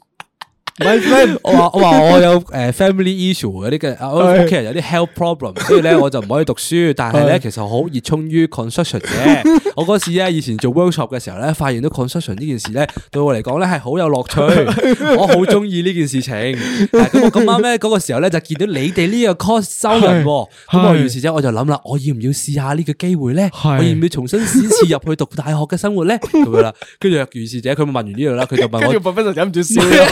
My 我話我話我有誒 family issue 嗰啲嘅，屋企人有啲 health problem，< 是的 S 2> 所以咧我就唔可以讀書。但係咧其實好熱衷於 construction 嘅。我嗰時咧以前做 workshop 嘅時候咧，發現到 construction 呢件事咧對我嚟講咧係好有樂趣，是的 我好中意呢件事情。咁是的、啊、我咁啱咧嗰個時候咧就見到你哋呢個 course 收人，咁我是的 於是者我就諗啦，我要唔要試下呢個機會咧？是的 我要唔要重新試一次入去讀大學嘅生活咧？咁樣啦，跟住於是者佢問完呢度啦，佢就問我。跟住伯就忍唔住笑。是的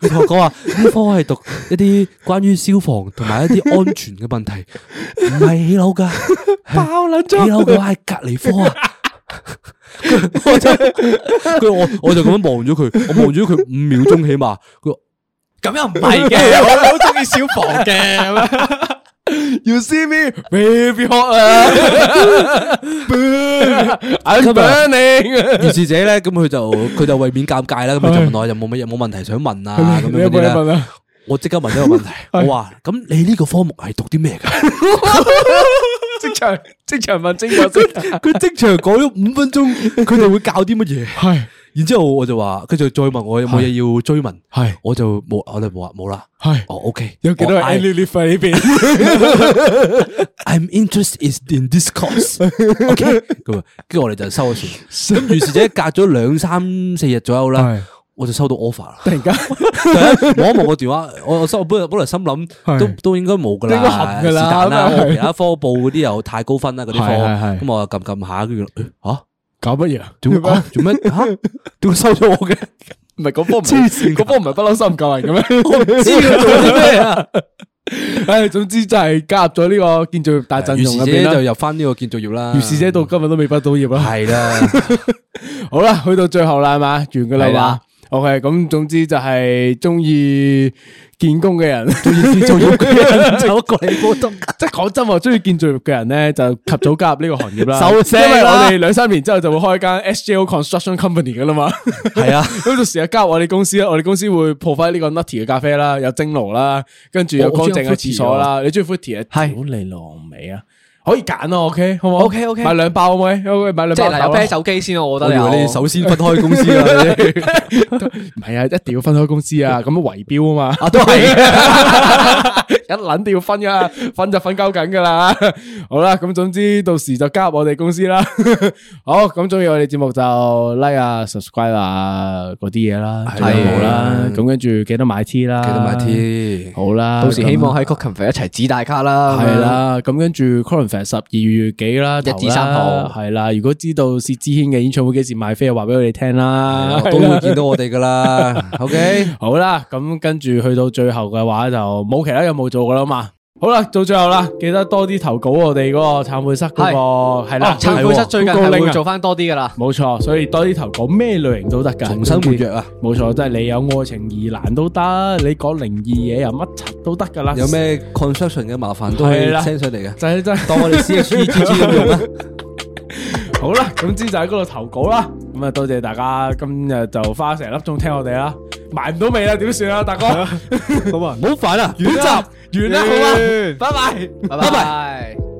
佢同我講話，呢科係讀一啲關於消防同埋一啲安全嘅問題，唔係起樓噶，爆樓起樓嘅話係隔籬科啊。 我就佢我我就咁樣望咗佢，我望咗佢五秒鐘起碼。佢咁又唔係嘅，我好中意消防嘅。 You see me baby hot 啊 ！I'm burning。 面試者咧，咁佢就佢就為免尷尬啦，咁佢是就問我：「有冇乜嘢？冇問題想問啊，咁樣、啊、我即刻問咗個問題， 是我話：咁你呢個科目係讀啲咩㗎？正常正常問 正確職。佢正常講咗五分鐘，佢哋會教啲乜嘢？係。 然之後我就話，跟住再問我有冇嘢要追問，係我就冇，我哋冇話冇啦。係哦，OK。有幾多 I？really f 呢邊 I'm t i interested in this course。OK。咁啊，跟住我哋就收咗錢。咁於是者隔咗兩三四日左右啦，我就收到 offer 啦。突然間，我一望個電話，我我我本本來心諗都都應該冇噶啦，時間啦，其他科報嗰啲又太高分啦，嗰啲科。咁我撳撳下，跟住啊？搞乜嘢啊？做乜？做乜？吓？點收咗我嘅？唔係嗰波唔係波唔係不嬲收唔夠人嘅咩？我唔知佢做啲咩啊？唉，總之就係加入咗呢個建造業大陣容啦，咁就入翻呢個建造業啦。如是者到今日都未畢到業啦。係啦，好啦，去到最後啦，係嘛？完噶啦嘛？OK，咁總之就係中意建工嘅人，做業事仲要走過嚟嗰即係講真話，中意建造業嘅人咧就及早加入呢個行業啦。手寫啦，因為我哋兩三年之後就會開一間 SJO Construction Company 噶啦嘛。係 是啊，咁 到時啊加入我哋公司啦，我哋公司會破翻呢個 Nutty 嘅咖啡啦，有蒸爐啦，跟住有乾淨嘅廁所啦。你中意 Futy 啊？係。好你浪尾啊！可以揀咯，OK，好唔好？OK，OK，買兩包，好唔？OK，買兩包手機先。我覺得你首先分開公司啦，唔係啊，一定要分開公司啊，咁啊圍標啊嘛，都係，一諗都要分啊，分就分鳩緊噶啦。好啦，咁總之到時就加入我哋公司啦。好，咁中意我哋節目就 like 啊，subscribe 啊嗰啲嘢啦，係啦。咁跟住記得買 T 啦，記得買 T，好啦。到時希望喺 Conference 一齊指大卡啦，係啦。咁跟住十二月幾啦？一至三號係啦。如果知道薛之謙嘅演唱會幾時買飛，話俾我哋聽啦，都會見到我哋噶啦。 OK，好啦，咁跟住去到最後嘅話就冇其他有冇做噶啦嘛。好啦，到最後啦，記得多啲投稿我哋嗰個懺悔室嗰，那個係啦，懺悔室最近係做翻多啲噶啦，冇錯，所以多啲投稿咩類型都得噶，重新活躍啊，冇錯，即係你有愛情疑難都得，你講靈異嘢又乜柒都得噶啦，有咩 conclusion 嘅麻煩都係啦，聽出嚟嘅，就係真係當我哋 C S C G G, G 用啊。 好啦，咁之就喺嗰度投稿啦。咁啊，多謝大家今日就花成粒鐘聽我哋啦。埋唔到尾啦，點算啊，大哥？好啊，唔好煩啊。完集，完啦，好啊？拜拜，拜拜。拜拜。